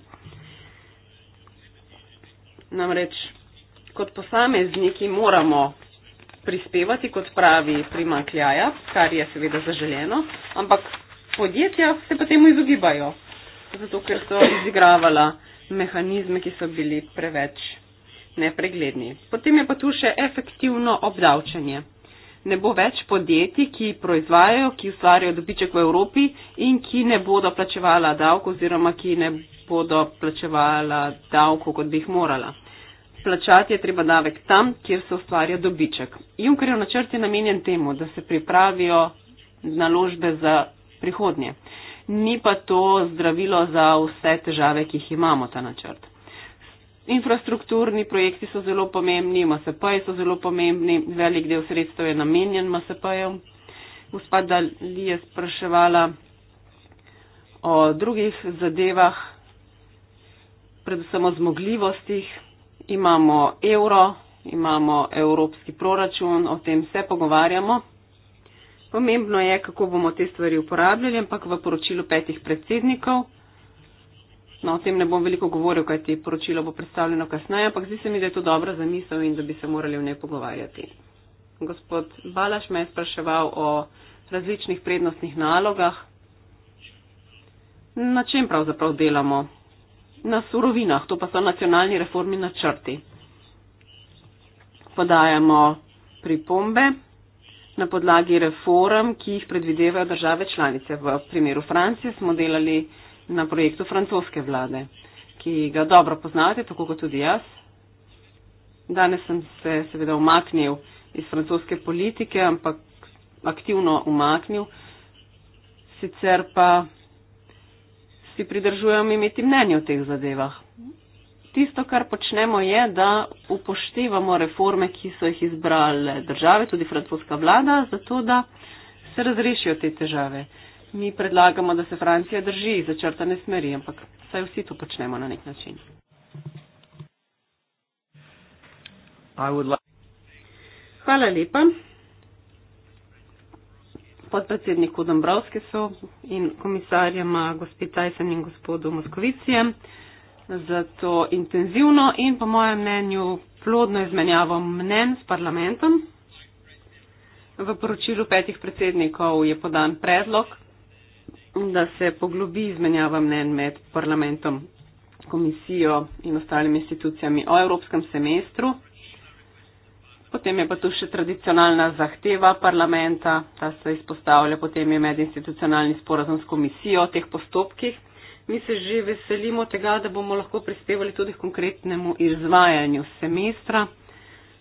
Namreč, kot posamezniki moramo prispevati, kot pravi primakljaja, kar je seveda zaželjeno, ampak podjetja se potem izogibajo, zato ker so izigravala mehanizme, ki so bili preveč nepregledni. Potem je pa tu še efektivno obdavčenje. Ne bo več podjetij, ki proizvajajo, ki ustvarjajo dobiček v Evropi in ki ne bodo plačevala davko oziroma ki ne bodo plačevala davko, kot bi jih morala. Plačati je treba davek tam, kjer se ustvarja dobiček. Junkerjev načrt je namenjen temu, da se pripravijo naložbe za prihodnje. Uh, ni pa to zdravilo za vse težave, ki jih imamo ta načrt. Infrastrukturni projekti so zelo pomembni, MSP-ji so zelo pomembni, velik del sredstev je namenjen MSP-jem. Gospa Dali je spraševala o drugih zadevah, predvsem o zmogljivostih. Imamo evro, imamo evropski proračun, o tem se pogovarjamo. Pomembno je, kako bomo te stvari uporabljali, ampak v poročilu petih predsednikov, no, o tem ne bom veliko govoril, kaj ti poročilo bo predstavljeno kasneje, ampak zdi se mi, da je to dobra zamisel in da bi se morali v nej pogovarjati. Gospod Balaš me je spraševal o različnih prednostnih nalogah. Na čem pravzaprav delamo? Na surovinah, to pa so nacionalni reformi načrti. Podajamo pripombe na podlagi reform, ki jih predvidevajo države članice. V primeru Francije smo delali na projektu francoske vlade, ki ga dobro poznate, tako kot tudi jaz. Danes sem se seveda umaknil iz francoske politike, ampak aktivno umaknil. Sicer pa si pridržujem imeti mnenje o teh zadevah tisto, kar počnemo, je, da upoštevamo reforme, ki so jih izbrale države, tudi francoska vlada, zato da se razrešijo te težave. Mi predlagamo, da se Francija drži začrtane smeri, ampak saj vsi to počnemo na nek način. Hvala lepa. Podpredsedniku Dombrovskesu in komisarjama gospod Tyson in gospodu Moskovicijem za to intenzivno in po mojem mnenju plodno izmenjavo mnen s parlamentom. V poročilu petih predsednikov je podan predlog, da se poglobi izmenjava mnen med parlamentom, komisijo in ostalimi institucijami o evropskem semestru. Potem je pa tu še tradicionalna zahteva parlamenta, ta se izpostavlja, potem je medinstitucionalni sporazum s komisijo o teh postopkih mi se že veselimo tega, da bomo lahko prispevali tudi k konkretnemu izvajanju semestra,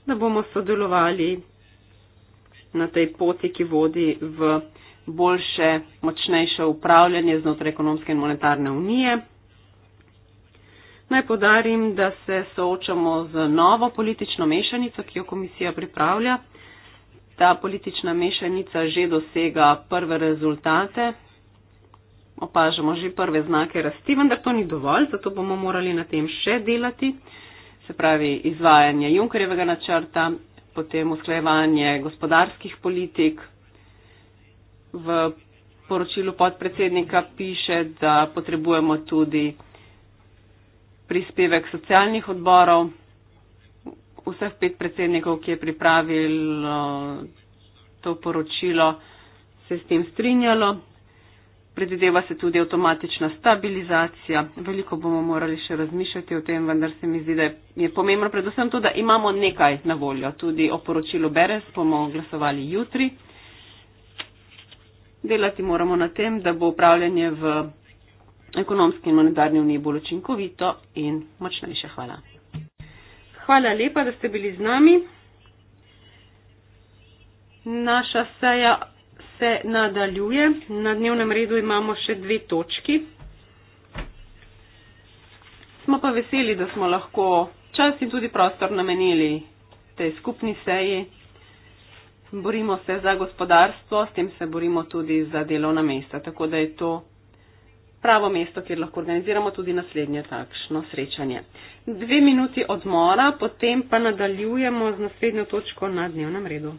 da bomo sodelovali na tej poti, ki vodi v boljše, močnejše upravljanje znotraj ekonomske in monetarne unije. Naj podarim, da se soočamo z novo politično mešanico, ki jo komisija pripravlja. Ta politična mešanica že dosega prve rezultate, opažamo že prve znake rasti, vendar to ni dovolj, zato bomo morali na tem še delati, se pravi izvajanje Junkerjevega načrta, potem usklajevanje gospodarskih politik. V poročilu podpredsednika piše, da potrebujemo tudi prispevek socialnih odborov, vseh pet predsednikov, ki je pripravil to poročilo, se s tem strinjalo, predvideva se tudi avtomatična stabilizacija. Veliko bomo morali še razmišljati o tem, vendar se mi zdi, da je pomembno predvsem to, da imamo nekaj na voljo. Tudi o poročilu Beres bomo glasovali jutri. Delati moramo na tem, da bo upravljanje v ekonomski in monetarni uniji bolj učinkovito in močnejše. Hvala. Hvala lepa, da ste bili z nami. Naša seja se nadaljuje. Na dnevnem redu imamo še dve točki. Smo pa veseli, da smo lahko čas in tudi prostor namenili tej skupni seji. Borimo se za gospodarstvo, s tem se borimo tudi za delovna mesta, tako da je to pravo mesto, kjer lahko organiziramo tudi naslednje takšno srečanje. Dve minuti odmora, potem pa nadaljujemo z naslednjo točko na dnevnem redu.